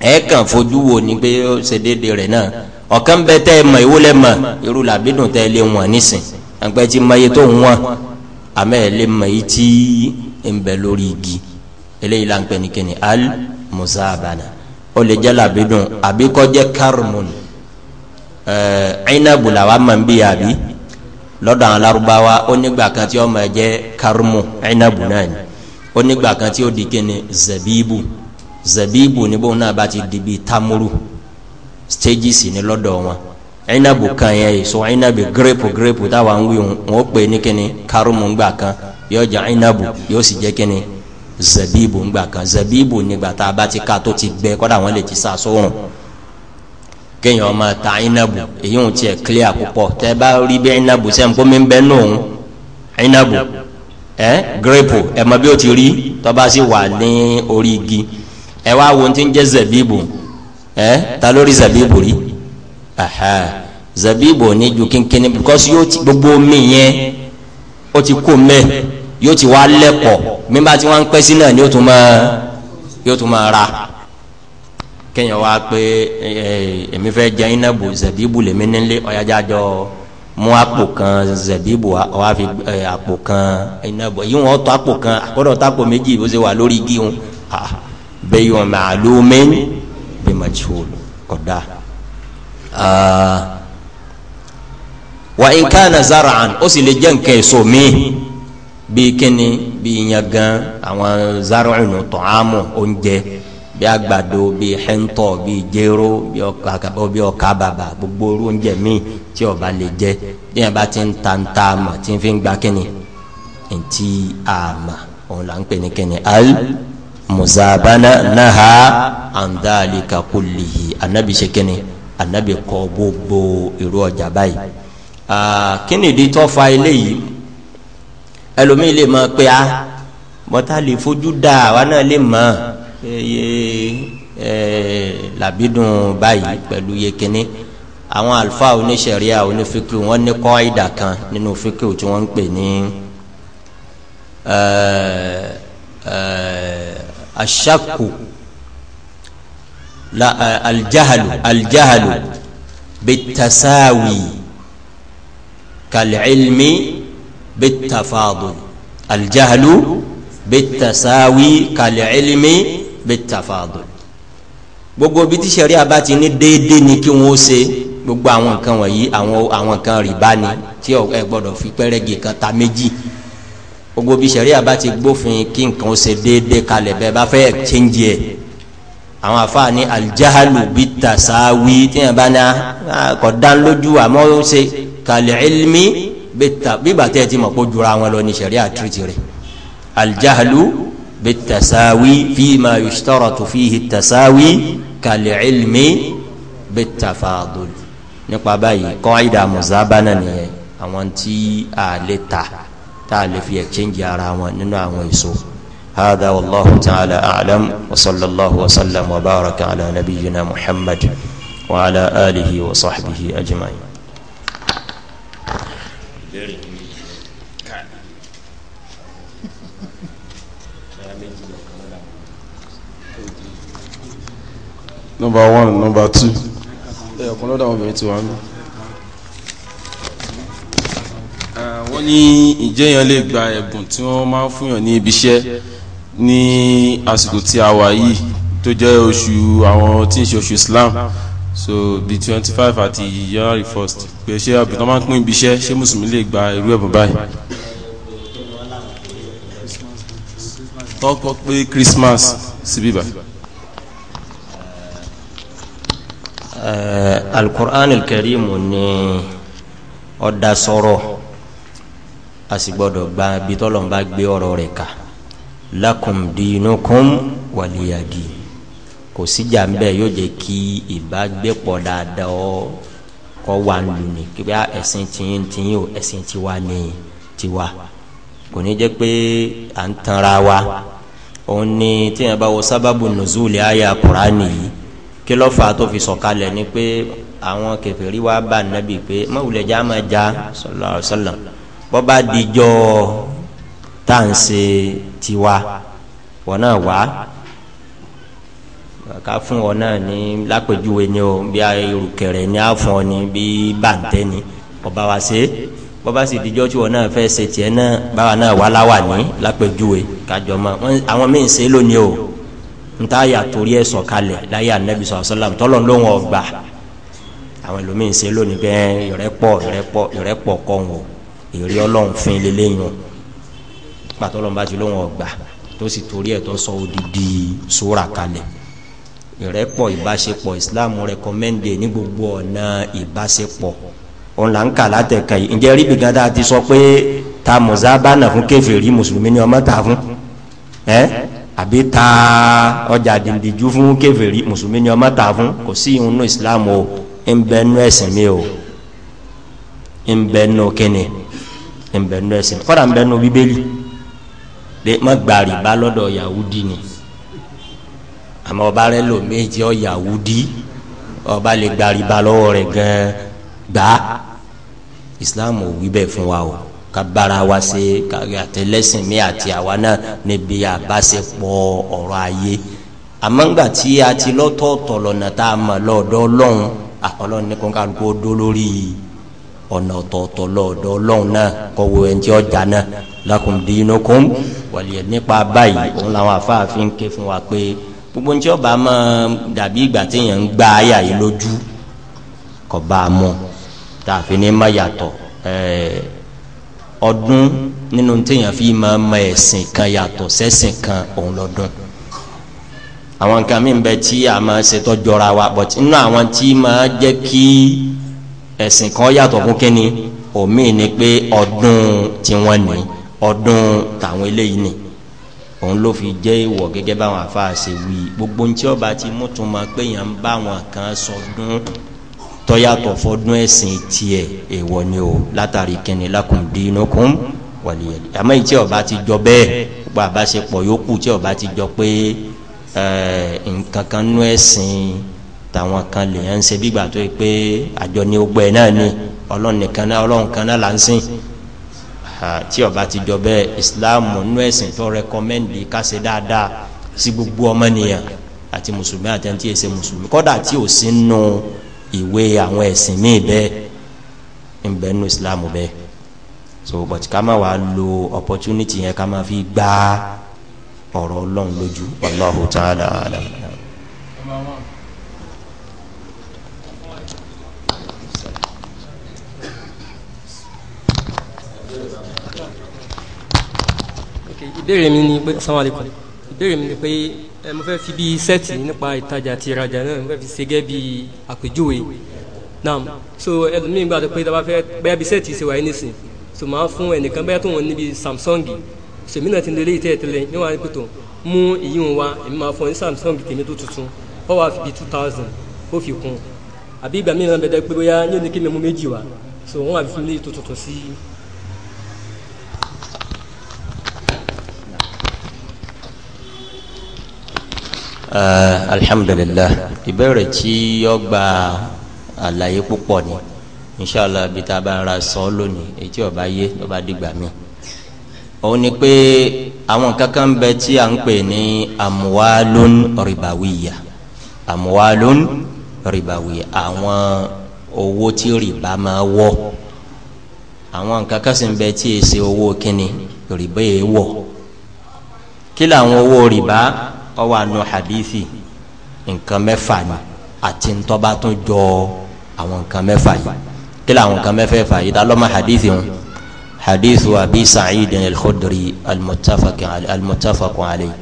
[SPEAKER 2] ẹ kàn fojú wo ni pé ó ṣe déédéé rẹ̀ náà ọ̀kan bẹ tẹ́ ẹ mọ̀ ìwúlẹ̀ mọ̀ irú làbídùn tẹ́ ẹ lé wọn nísìn àgbẹ̀ ti mọ iye tó ń wọn àmẹ́ ẹ lè mọ iye tí ń bẹ lórí igi eléyìí la ń pè ní al musaabana ó lè jẹ́ làbídùn àbí kó jẹ́ karmun ẹ̀ẹ́ ẹ̀yìnàbù làwa máa ń bí àbí lọ́dọ̀ àwọn alárúbáwá ó nígbà kan tí ó náà ni ó nígbà kan di kíni zabibu zabibu níbo náà bá ti di bíi tamuru stages ni lọ́dọ̀ wọn ẹ̀yìnàbù kan yẹn yìí so ẹ̀yìnàbù gírèpù gírèpù táwa ń wí wọn ó pè ní kíni karmu ńgbà yóò jẹ inabu yóò sì jẹ kíni zabibu ńgbà kan zabibu nígbà tá a bá ti ká tó ti gbẹ kọ́dà wọ́n lè ti sá sóòrùn kéèyàn máa ta inabu èyí ń tiẹ̀ clear púpọ̀ tẹ́ bá rí bí inabu sẹ́yìn kó mi ń bẹ́ nù inabu ẹ grape ẹ mọ bí o ti rí tó bá sì wà ní orí igi ẹ wá wo ti ń jẹ́ zabibu ẹ ta lórí zabibu rí zabibu ní ju kínkínní because yóò ti gbogbo omi yẹn ó ti kó mẹ́ẹ̀ yóò ti wá lẹ́pọ̀ mímba tí wọ́n ń pẹ́ sí náà ni yóò tún máa yóò tún máa ra kéèyàn wá pé èmi fẹ́ jẹ iná bò zẹ̀bíbù lèmi nílé ọ̀yájà jọ mú àpò kan zẹ̀bíbù wá fi àpò kan iná bò yìí wọ́n àpò kan àkọ́dọ̀ tápò méjì bó ṣe wà lórí igi wọn bẹ́ẹ̀ yọ̀ màálùmẹ́ni bẹ́ẹ̀ mà jù kọ̀dá wa in kana zara'an ó sì lè jẹ́ nǹkan èso míì bíi kíni bíi yangan àwọn zarinu tọ́hámù oúnjẹ bíi àgbàdo bíi hẹ́ńtọ̀ bíi jéró bíi ọkà kàbọ̀ bíi ọkà bàbà gbogbo oúnjẹ míì tí ó bá lè jẹ bí yẹn bá ti ń ta ń ta mà tí ń gba kíni ntí àmà òun là ń pè ní kíni al muzabana naha andalika kullihi anabi ṣe kíni anabi kọ gbogbo irú ọjà báyìí kíni ìdí tó fa eléyìí ẹlòmíì lè mọ pé a bọ́tà lè fojú dà wa náà lè mọ eye ẹ làbídùn báyìí pẹ̀lú yekene àwọn àlùfáà oníṣẹ̀ríà onífikiri wọn ní kọ́ ìdà kan nínú fikiri tí wọ́n ń pè ní ashaku la aljahalu aljahalu bitasawi kalilmi. بالتفاضل الجهل بالتساوي كالعلم بالتفاضل gbogbo bí tí sẹ̀rí abá ti ní déédéé ni kí wọ́n ṣe gbogbo àwọn nǹkan wọ̀nyí àwọn àwọn nǹkan rìbá ni tí ẹ gbọ́dọ̀ fi pẹ́rẹ́gì kan ta méjì gbogbo bí sẹ̀rí abá ti gbófin kí nǹkan ṣe déédéé kalẹ̀ bẹ́ẹ̀ bá fẹ́ change ẹ̀ àwọn afáà ní alijahalu bí tasawi tí yẹn bá ní ah, kọ̀ dánlójú àmọ́ ṣe ilmi bíbà tẹ́ ẹ ti mọ̀ kó jura wọn lọ ní sẹ̀rí àtúrìtì rẹ̀ aljahalu bitasawi fima yushtaratu fihi tasawi kàlẹ́ ilmi bitafadul nípa báyìí kọ́ àyídà muzabana nìyẹn àwọn tí a lè ta tá a lè fi exchange ara wọn nínú àwọn èso. هذا والله تعالى أعلم وصلى الله وسلم وبارك على نبينا محمد وعلى آله وصحبه أجمعين
[SPEAKER 1] Number one number two ẹ̀ẹ̀kan lọ́dọ̀ àwọn obìnrin ti wà ní. wọ́n ní ìjẹ́yàn lè gba ẹ̀bùn tí wọ́n máa ń fúnyàn ní ibi iṣẹ́ ní àsìkò tí a wà yìí tó jẹ́ oṣù àwọn tí ń ṣe oṣù Islam so bíi twenty five àti January first pé ṣé àbùtá máa ń pín ibi iṣẹ́ ṣé mùsùlùmí lè gba irú ẹ̀bùn báyìí. tọ́pọ̀ pé Christmas síbí báyìí.
[SPEAKER 2] Eh, alukur'an kẹrìmù ni ọ̀dà sọ̀rọ̀ a sì gbọ́dọ̀ gba bitọ́lọ́mba gbé ọ̀rọ̀ rẹ̀ ká lakum dinukum waliyadi kò síjà ń bẹ́ẹ̀ yóò jẹ́ kí ìbágbépọ̀ dáadáa ọ kọ́ wa ń lù ní kí o ẹ̀sìn tiwa ni tiwa kò ní jẹ́ pé à ń tanra wa òun ni tíyẹn bá wo sábàbù nùzúlì àyà kùránì yìí kí ló fà tó fi sọ̀kalẹ̀ ni pé àwọn kèfèrí wa bá nàbì pé mọ̀wùlẹ̀jà máa já sallallahu alaihi wasallam bọ́ bá dijọ́ tá à ń ṣe tiwa wọn náà wá ká fún wọn náà ní lápèjúwe ni o bí irùkẹ̀rẹ̀ ni á fún ọ ni bí bàǹtẹ́ ni ọba wa ṣe bọ́ba sì dijọ́ tí wọn náà fẹ́ ṣe tiẹ̀ náà báwa náà wá láwà ní lápèjúwe kájọ mọ́ àwọn míì ń ṣe lónìí o nta ya torí ẹ sọ̀kalẹ̀ láyé anabi sọ asọlám tọlọ ló ń wọ gbà àwọn ẹlòmíín ṣe lónìí bẹ́ẹ̀ ìrẹ́pọ̀ ìrẹ́pọ̀ ìrẹ́pọ̀ kọ́ wọn èrè ọlọ́run fún eléyìí wọn pàtó lọ́nba ti ló ń wọ gbà tó sì torí ẹ̀ tó sọ odidi sóra kalẹ̀ ìrẹ́pọ̀ ìbáṣepọ̀ islam rẹkọmẹ́ndé ní gbogbo ọ̀nà ìbáṣepọ̀ òun là ń kà látẹ̀ka yìí ǹjẹ́ ríbi gàdá ti sọ pé ta mọ̀sábánà fún kèfèrí mùsùlùmí ni ọmọ ta fún ẹ́ eh? àbí ta ọjà dìndìjú fún kèfèrí mùsùlùmí ni ọmọ ta fún kò sí ìhun nù islam o ń bẹ nù ẹ̀sìn mi o ń bẹ nù kíni ń bẹ nù ẹ̀sìn kọ́dà ń bẹ nù bíbélì lè má gba rìbá lọ́dọ̀ yahudi ni àmọ́ ọba rẹ lò méjì ọ yahudi ọba lè gba rìbá lọ́wọ́ rẹ̀ gan gbà islam ò wí bẹ́ẹ̀ fún wa o ká bára wa ṣe àtẹlẹsìn mi àti àwa náà níbi àbáṣepọ̀ ọ̀rọ̀ ayé àmọ́ngbà tí a ti lọ́tọ̀ọ̀tọ̀ lọ́nà tá a mọ̀ lọ́dọ̀ ọlọ́run ọlọ́run ní kó kálukú ó dó lórí ọ̀nà ọ̀tọ̀ọ̀tọ̀ lọ́dọ̀ ọlọ́run náà kọ́ wo ẹni tí ó jà náà lakum nípa báyìí òun làwọn afáàfin ké fún wa pé gbogbo ní tí ọba dàbí ìgbà téèyàn ń gba àyà yìí lójú kò bá a mọ̀ tá a fi ní ọdún nínú téèyàn fi máa ma ẹ̀sìn kan yàtọ̀ sẹ́sìn kan òun lọ́dún àwọn nǹkan mi bẹ tí a máa ṣe tó jọra wa but nínú àwọn tí máa jẹ́ kí ẹ̀sìn kan yàtọ̀ fún kínní omi ni pé ọdún tiwọn ni ọdún tàwọn eléyìí ni òun ló fi jẹ́ ìwọ̀ gẹ́gẹ́ báwọn afa ṣe wí gbogbo ntí ọba ti mú tún pé yẹn ń bá wọn kan sọdún. So tọ́yàtọ̀ fọdún ẹ̀sìn tiẹ̀ èèwọ̀ ni o látàrí kẹne lakum dinukum waliya àmọ́ ìtí ọba ti jọ bẹ́ẹ̀ gbogbo àbáṣepọ̀ yòókù tí ọba ti jọ pé eh, nǹkan kan nú ẹ̀sìn tàwọn kan lè ń ṣe bígbà tó yẹ pé àjọ ní ogbẹ náà ni ọlọ́run nìkan náà ọlọ́run kan náà là ń sìn tí ọba ti jọ bẹ́ẹ̀ Islam nú ẹ̀sìn tó rẹkọmẹ́ndì kase dáadáa sí gbogbo ọmọnìyàn àti mùsùlùmí àti ẹni tí yẹ ṣe mùsùlùmí o tí nù. No ìwé àwọn ẹ̀sìn míì bẹ́ẹ̀ ń bẹ́ẹ̀ so but ká lo opportunity yẹn ká fi gba ọ̀rọ̀ ọlọ́run lójú Allahu ta'ala. ẹ mo fẹ́ fi bí sẹ́ẹ̀tì nípa ìtajà àti ìrajà náà mo fẹ́ fi ṣe gẹ́ bí àpèjúwe naam so ẹlòmíín gbà tó pé dábàá fẹ́ bẹ́ẹ̀ bí sẹ́ẹ̀tì ṣe wáyé nísìn so màá fún ẹnìkan bẹ́ẹ̀ tó wọn níbi Samsung sèmi náà ti lè léyìí tẹ́lẹ̀tẹ́lẹ̀ ní wàá pẹ̀tọ̀ mú èyí wọn wá èmi máa fún ní Samsung tèmi tó tuntun ó wàá fi bí two thousand ó fi kún àbí ìgbà mìíràn bẹ̀dẹ̀ pé bóyá yóò ní kí mi mú méjì wá so wọ́n wà fi fún tó tuntun sí i Eh, alhamdulillah ìbéèrè tí yọ gba àlàyé púpọ̀ ni inṣàlá bí ta bá ra sọ lónìí etí ọba yé ọba dìgbà mi òun ni pé àwọn kankan bẹ tí a ń pè ní amuwalun ribawiya amuwalun ribawiya àwọn owó tí rìbá máa wọ àwọn kankan sì ń bẹ tí èsì owó kínní rìbá èèwọ̀ kí làwọn owó rìbá ọwọ́ àánú hadithi nǹkan mẹ́fà ni àti ntọ́ba tún jọ àwọn nǹkan mẹ́fà yìí kí ló àwọn nǹkan mẹ́fẹ̀ẹ̀fà yìí dálọ́mọ hadithi wọn hadithu abi sa'id al-khudri al-muttafaq alayhi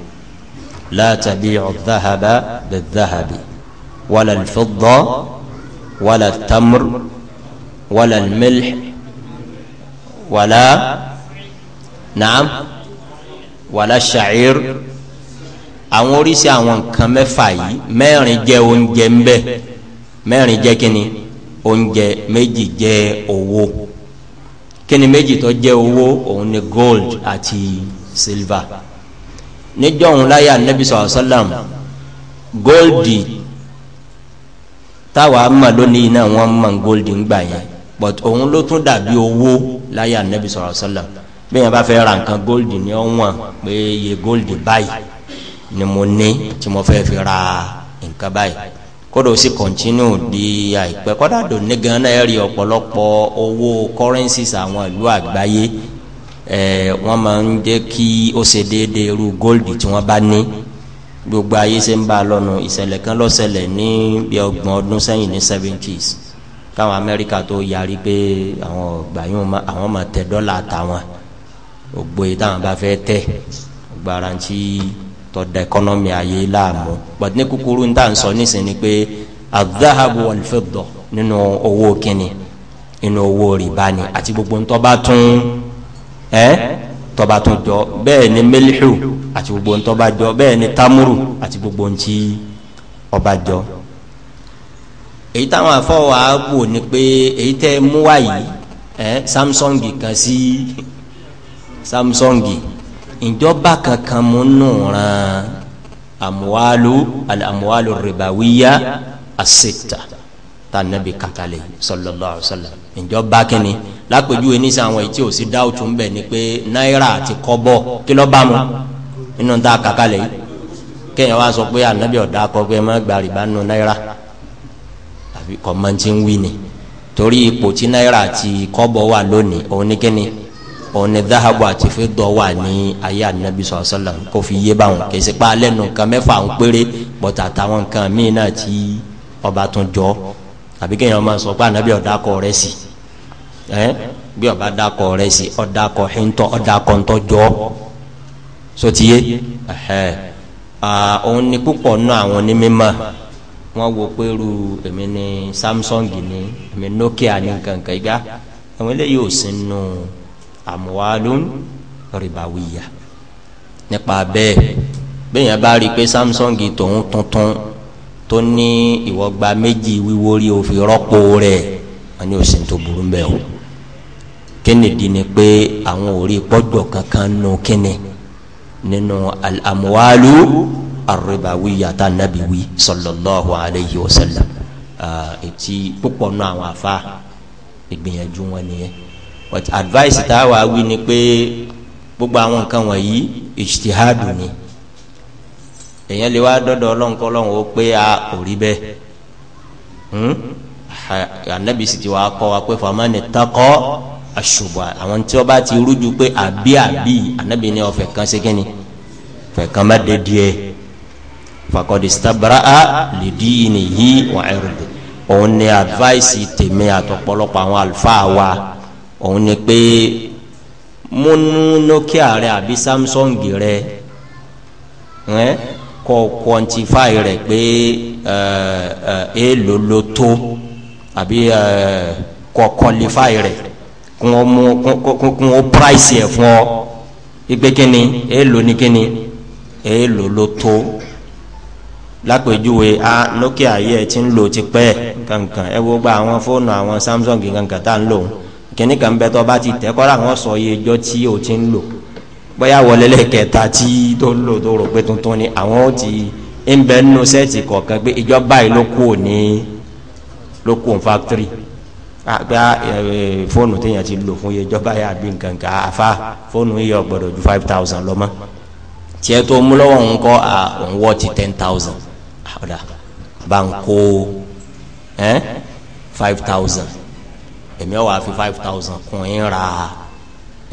[SPEAKER 2] la tabi'u dhahaba bidhahabi wala al-fidda wala al milh wala na'am wala al àwọn oríṣi àwọn nǹkan mẹ́fà yìí mẹ́rin jẹ́ oúnjẹ ńbẹ mẹ́rin jẹ́ kíni oúnjẹ méjì jẹ́ owó kíni méjì tó jẹ́ owó òun ni gold àti silver níjọ́ òun láyé anabi sọ̀rọ̀ sọ́làm góòlì táwa ama lónìí náà wọ́n mọ̀ góòlì ńgbà yẹn but òun ló tún dàbí owó láyé anabi sọ̀rọ̀ sọ́làm bẹ́ẹ̀ bá fẹ́ ra nǹkan góòlì ni ó wọ̀n pé iye góòlì báyìí ni mo ní tí mo fẹ́ fi ra nǹkan báyìí kódò sí kọ̀ntínú di àìpẹ́ kọ́dà dò ní gan náà rí ọ̀pọ̀lọpọ̀ owó currencies àwọn ìlú àgbáyé ẹ̀ wọ́n máa ń jẹ́ kí ó ṣe déédéé irú gold tí wọ́n bá ní gbogbo ayé ṣe ń bá a lọ́nu ìṣẹ̀lẹ̀ kan ló ṣẹlẹ̀ ní bí ọgbọ̀n ọdún sẹ́yìn ní seventies káwọn amẹ́ríkà tó yarí pé àwọn ọgbà yóò má àwọn máa tẹ dọ́là àtàwọn ògbóye táwọn bá fẹ́ tẹ gbàràǹtí. ekọnọmi da ayé láàmú but ní kúkúrú ní tà ń sọ nísìnyí pé azahabu alfidda nínú owó kínní nínú owó rìbá ni gbogbo ntọba bá tún ẹ́ tó tún jọ bẹ́ẹ̀ ni melihu gbogbo ntọba jọ bẹ́ẹ̀ ni gbogbo jọ èyí táwọn afọwọ́ àgbò ni pé èyí tẹ́ mú wáyé ẹ́ samsung kan sí samsung. ìjọba kankan mú nùràn amuwalu alamuwalu ribawiya asita tanabi katale sallallahu alaihi wa sallam ìjọba kini lápèjúwe ní sàn àwọn èyí tí o tún bẹ̀ ni pé náírà àti kọ́bọ̀ kìlọ̀ bá mu nínú tá a kàkálẹ̀ yìí kéèyàn wá sọ pé anabi ọ̀dà kọ́ pé má gba rìbá nù náírà àbí kọ́ máa ti ń wí ni torí ipò tí náírà àti kọ́bọ̀ wà lónìí òun ní kíni òun ni dáhàbù àti fídọ̀ wà ní ayé ànábi sọ̀rọ̀ kò fi yé báwọn kì í sì pa alẹ́ nù kan mẹ́fà ń péré bọ̀tà àtàwọn nǹkan míì náà tí ọba tún jọ àbí kéèyàn máa sọ pé ànábi ọ̀dà kọ rẹ̀ sí bí ọba dákọ rẹ̀ sí ọ̀dà kọ hìntọ́ ọ̀dà kọ ńtọ́ jọ sotiye òun ni púpọ̀ náà àwọn wo èmi ni Samsung ni èmi Nokia ni nǹkan nǹkan ìgbà àwọn eléyìí ò sí nù. No àmúwálùn rìbáwíyà nípa bẹ́ẹ̀ bẹ́yàn bá rí i pé samsung tòun tuntun tó ní ìwọ́gba méjì wíwó rí òfin rọ́pò rẹ̀ wọ́n ní òsì tó burú mbẹ́ o kínìdí ni pé àwọn ò rí pọ́jọ́ kankan nù kínni nínú àmúwálù àrùbáwíyà tá nàbí wí sallallahu alayhi wa sallam etí púpọ̀ nù àwọn afa ìgbìyànjú wọn nìyẹn but advice tá a wà wí ni pé gbogbo àwọn nǹkan wọ̀nyí ìṣtihádù ni èèyàn lè wá dọ́dọ̀ ọlọ́run kọ́ ọlọ́run ó pé a ò rí bẹ́ẹ̀ anabi hmm? sì ti wá kọ́ wa pé fama ni takọ́ àṣùbọ̀ àwọn tí wọ́n bá ti rújú pé àbí àbí anabi ni ọ̀fẹ́ kan ṣe kínni ọ̀fẹ́ kan má dé díẹ̀ fakọ́dé sitabara a lè di ìnìyí wọ́n ẹ̀rù òun ni advice tèmi àtọ̀pọ̀lọpọ̀ àwọn àlùfáà wa òun ni pé múnú nokia rẹ àbí samsung rẹ ẹ kọ quantify rẹ pé ẹ ẹ èèlò ló tó àbí ẹ kọ qualify rẹ kún ó mú kún kún ó price yẹ fún ọ ìgbé kíni èèlò ní kíni èèlò ló tó lápèjúwe a nokia yẹ ti ń lò tipẹ́ kankan ẹ wo gba àwọn fóònù àwọn samsung kankan tá à ń lò kíní kan bẹ tó bá ti tẹ kọ́ra àwọn sọ iye ẹjọ́ tí o ti ń lò bóyá wọlélẹ̀ kẹta tí tó ń lò tó rò pé tuntun ni àwọn ó ti ń bẹ nínú sẹ́ẹ̀tì kọ̀ọ̀kan pé ìjọ báyìí ló kù ní ló kù fáktírì àgbà fóònù téèyàn ti lò fún iye ẹjọ́ báyìí àbí nǹkan kan àfa fóònù yìí ọ̀gbọ̀dọ̀ ju five thousand lọ́mọ́ tiẹ̀ tó mú lọ́wọ́ òun kọ́ à òun wọ́ ti ten thousand ọ̀dà bá ń kó five thousand èmi ọ̀ wá fi five thousand kún ẹ̀ ń ra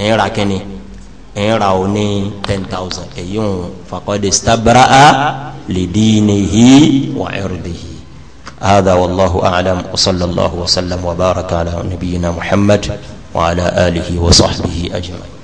[SPEAKER 2] ẹ̀ ń ra kínní ẹ̀ ń ra o ní ten thousand èyí ń faqad istabra'a li dinihi wa irdihi. هذا والله أعلم وصلى الله وسلم وبارك
[SPEAKER 1] على نبينا محمد وعلى آله وصحبه أجمعين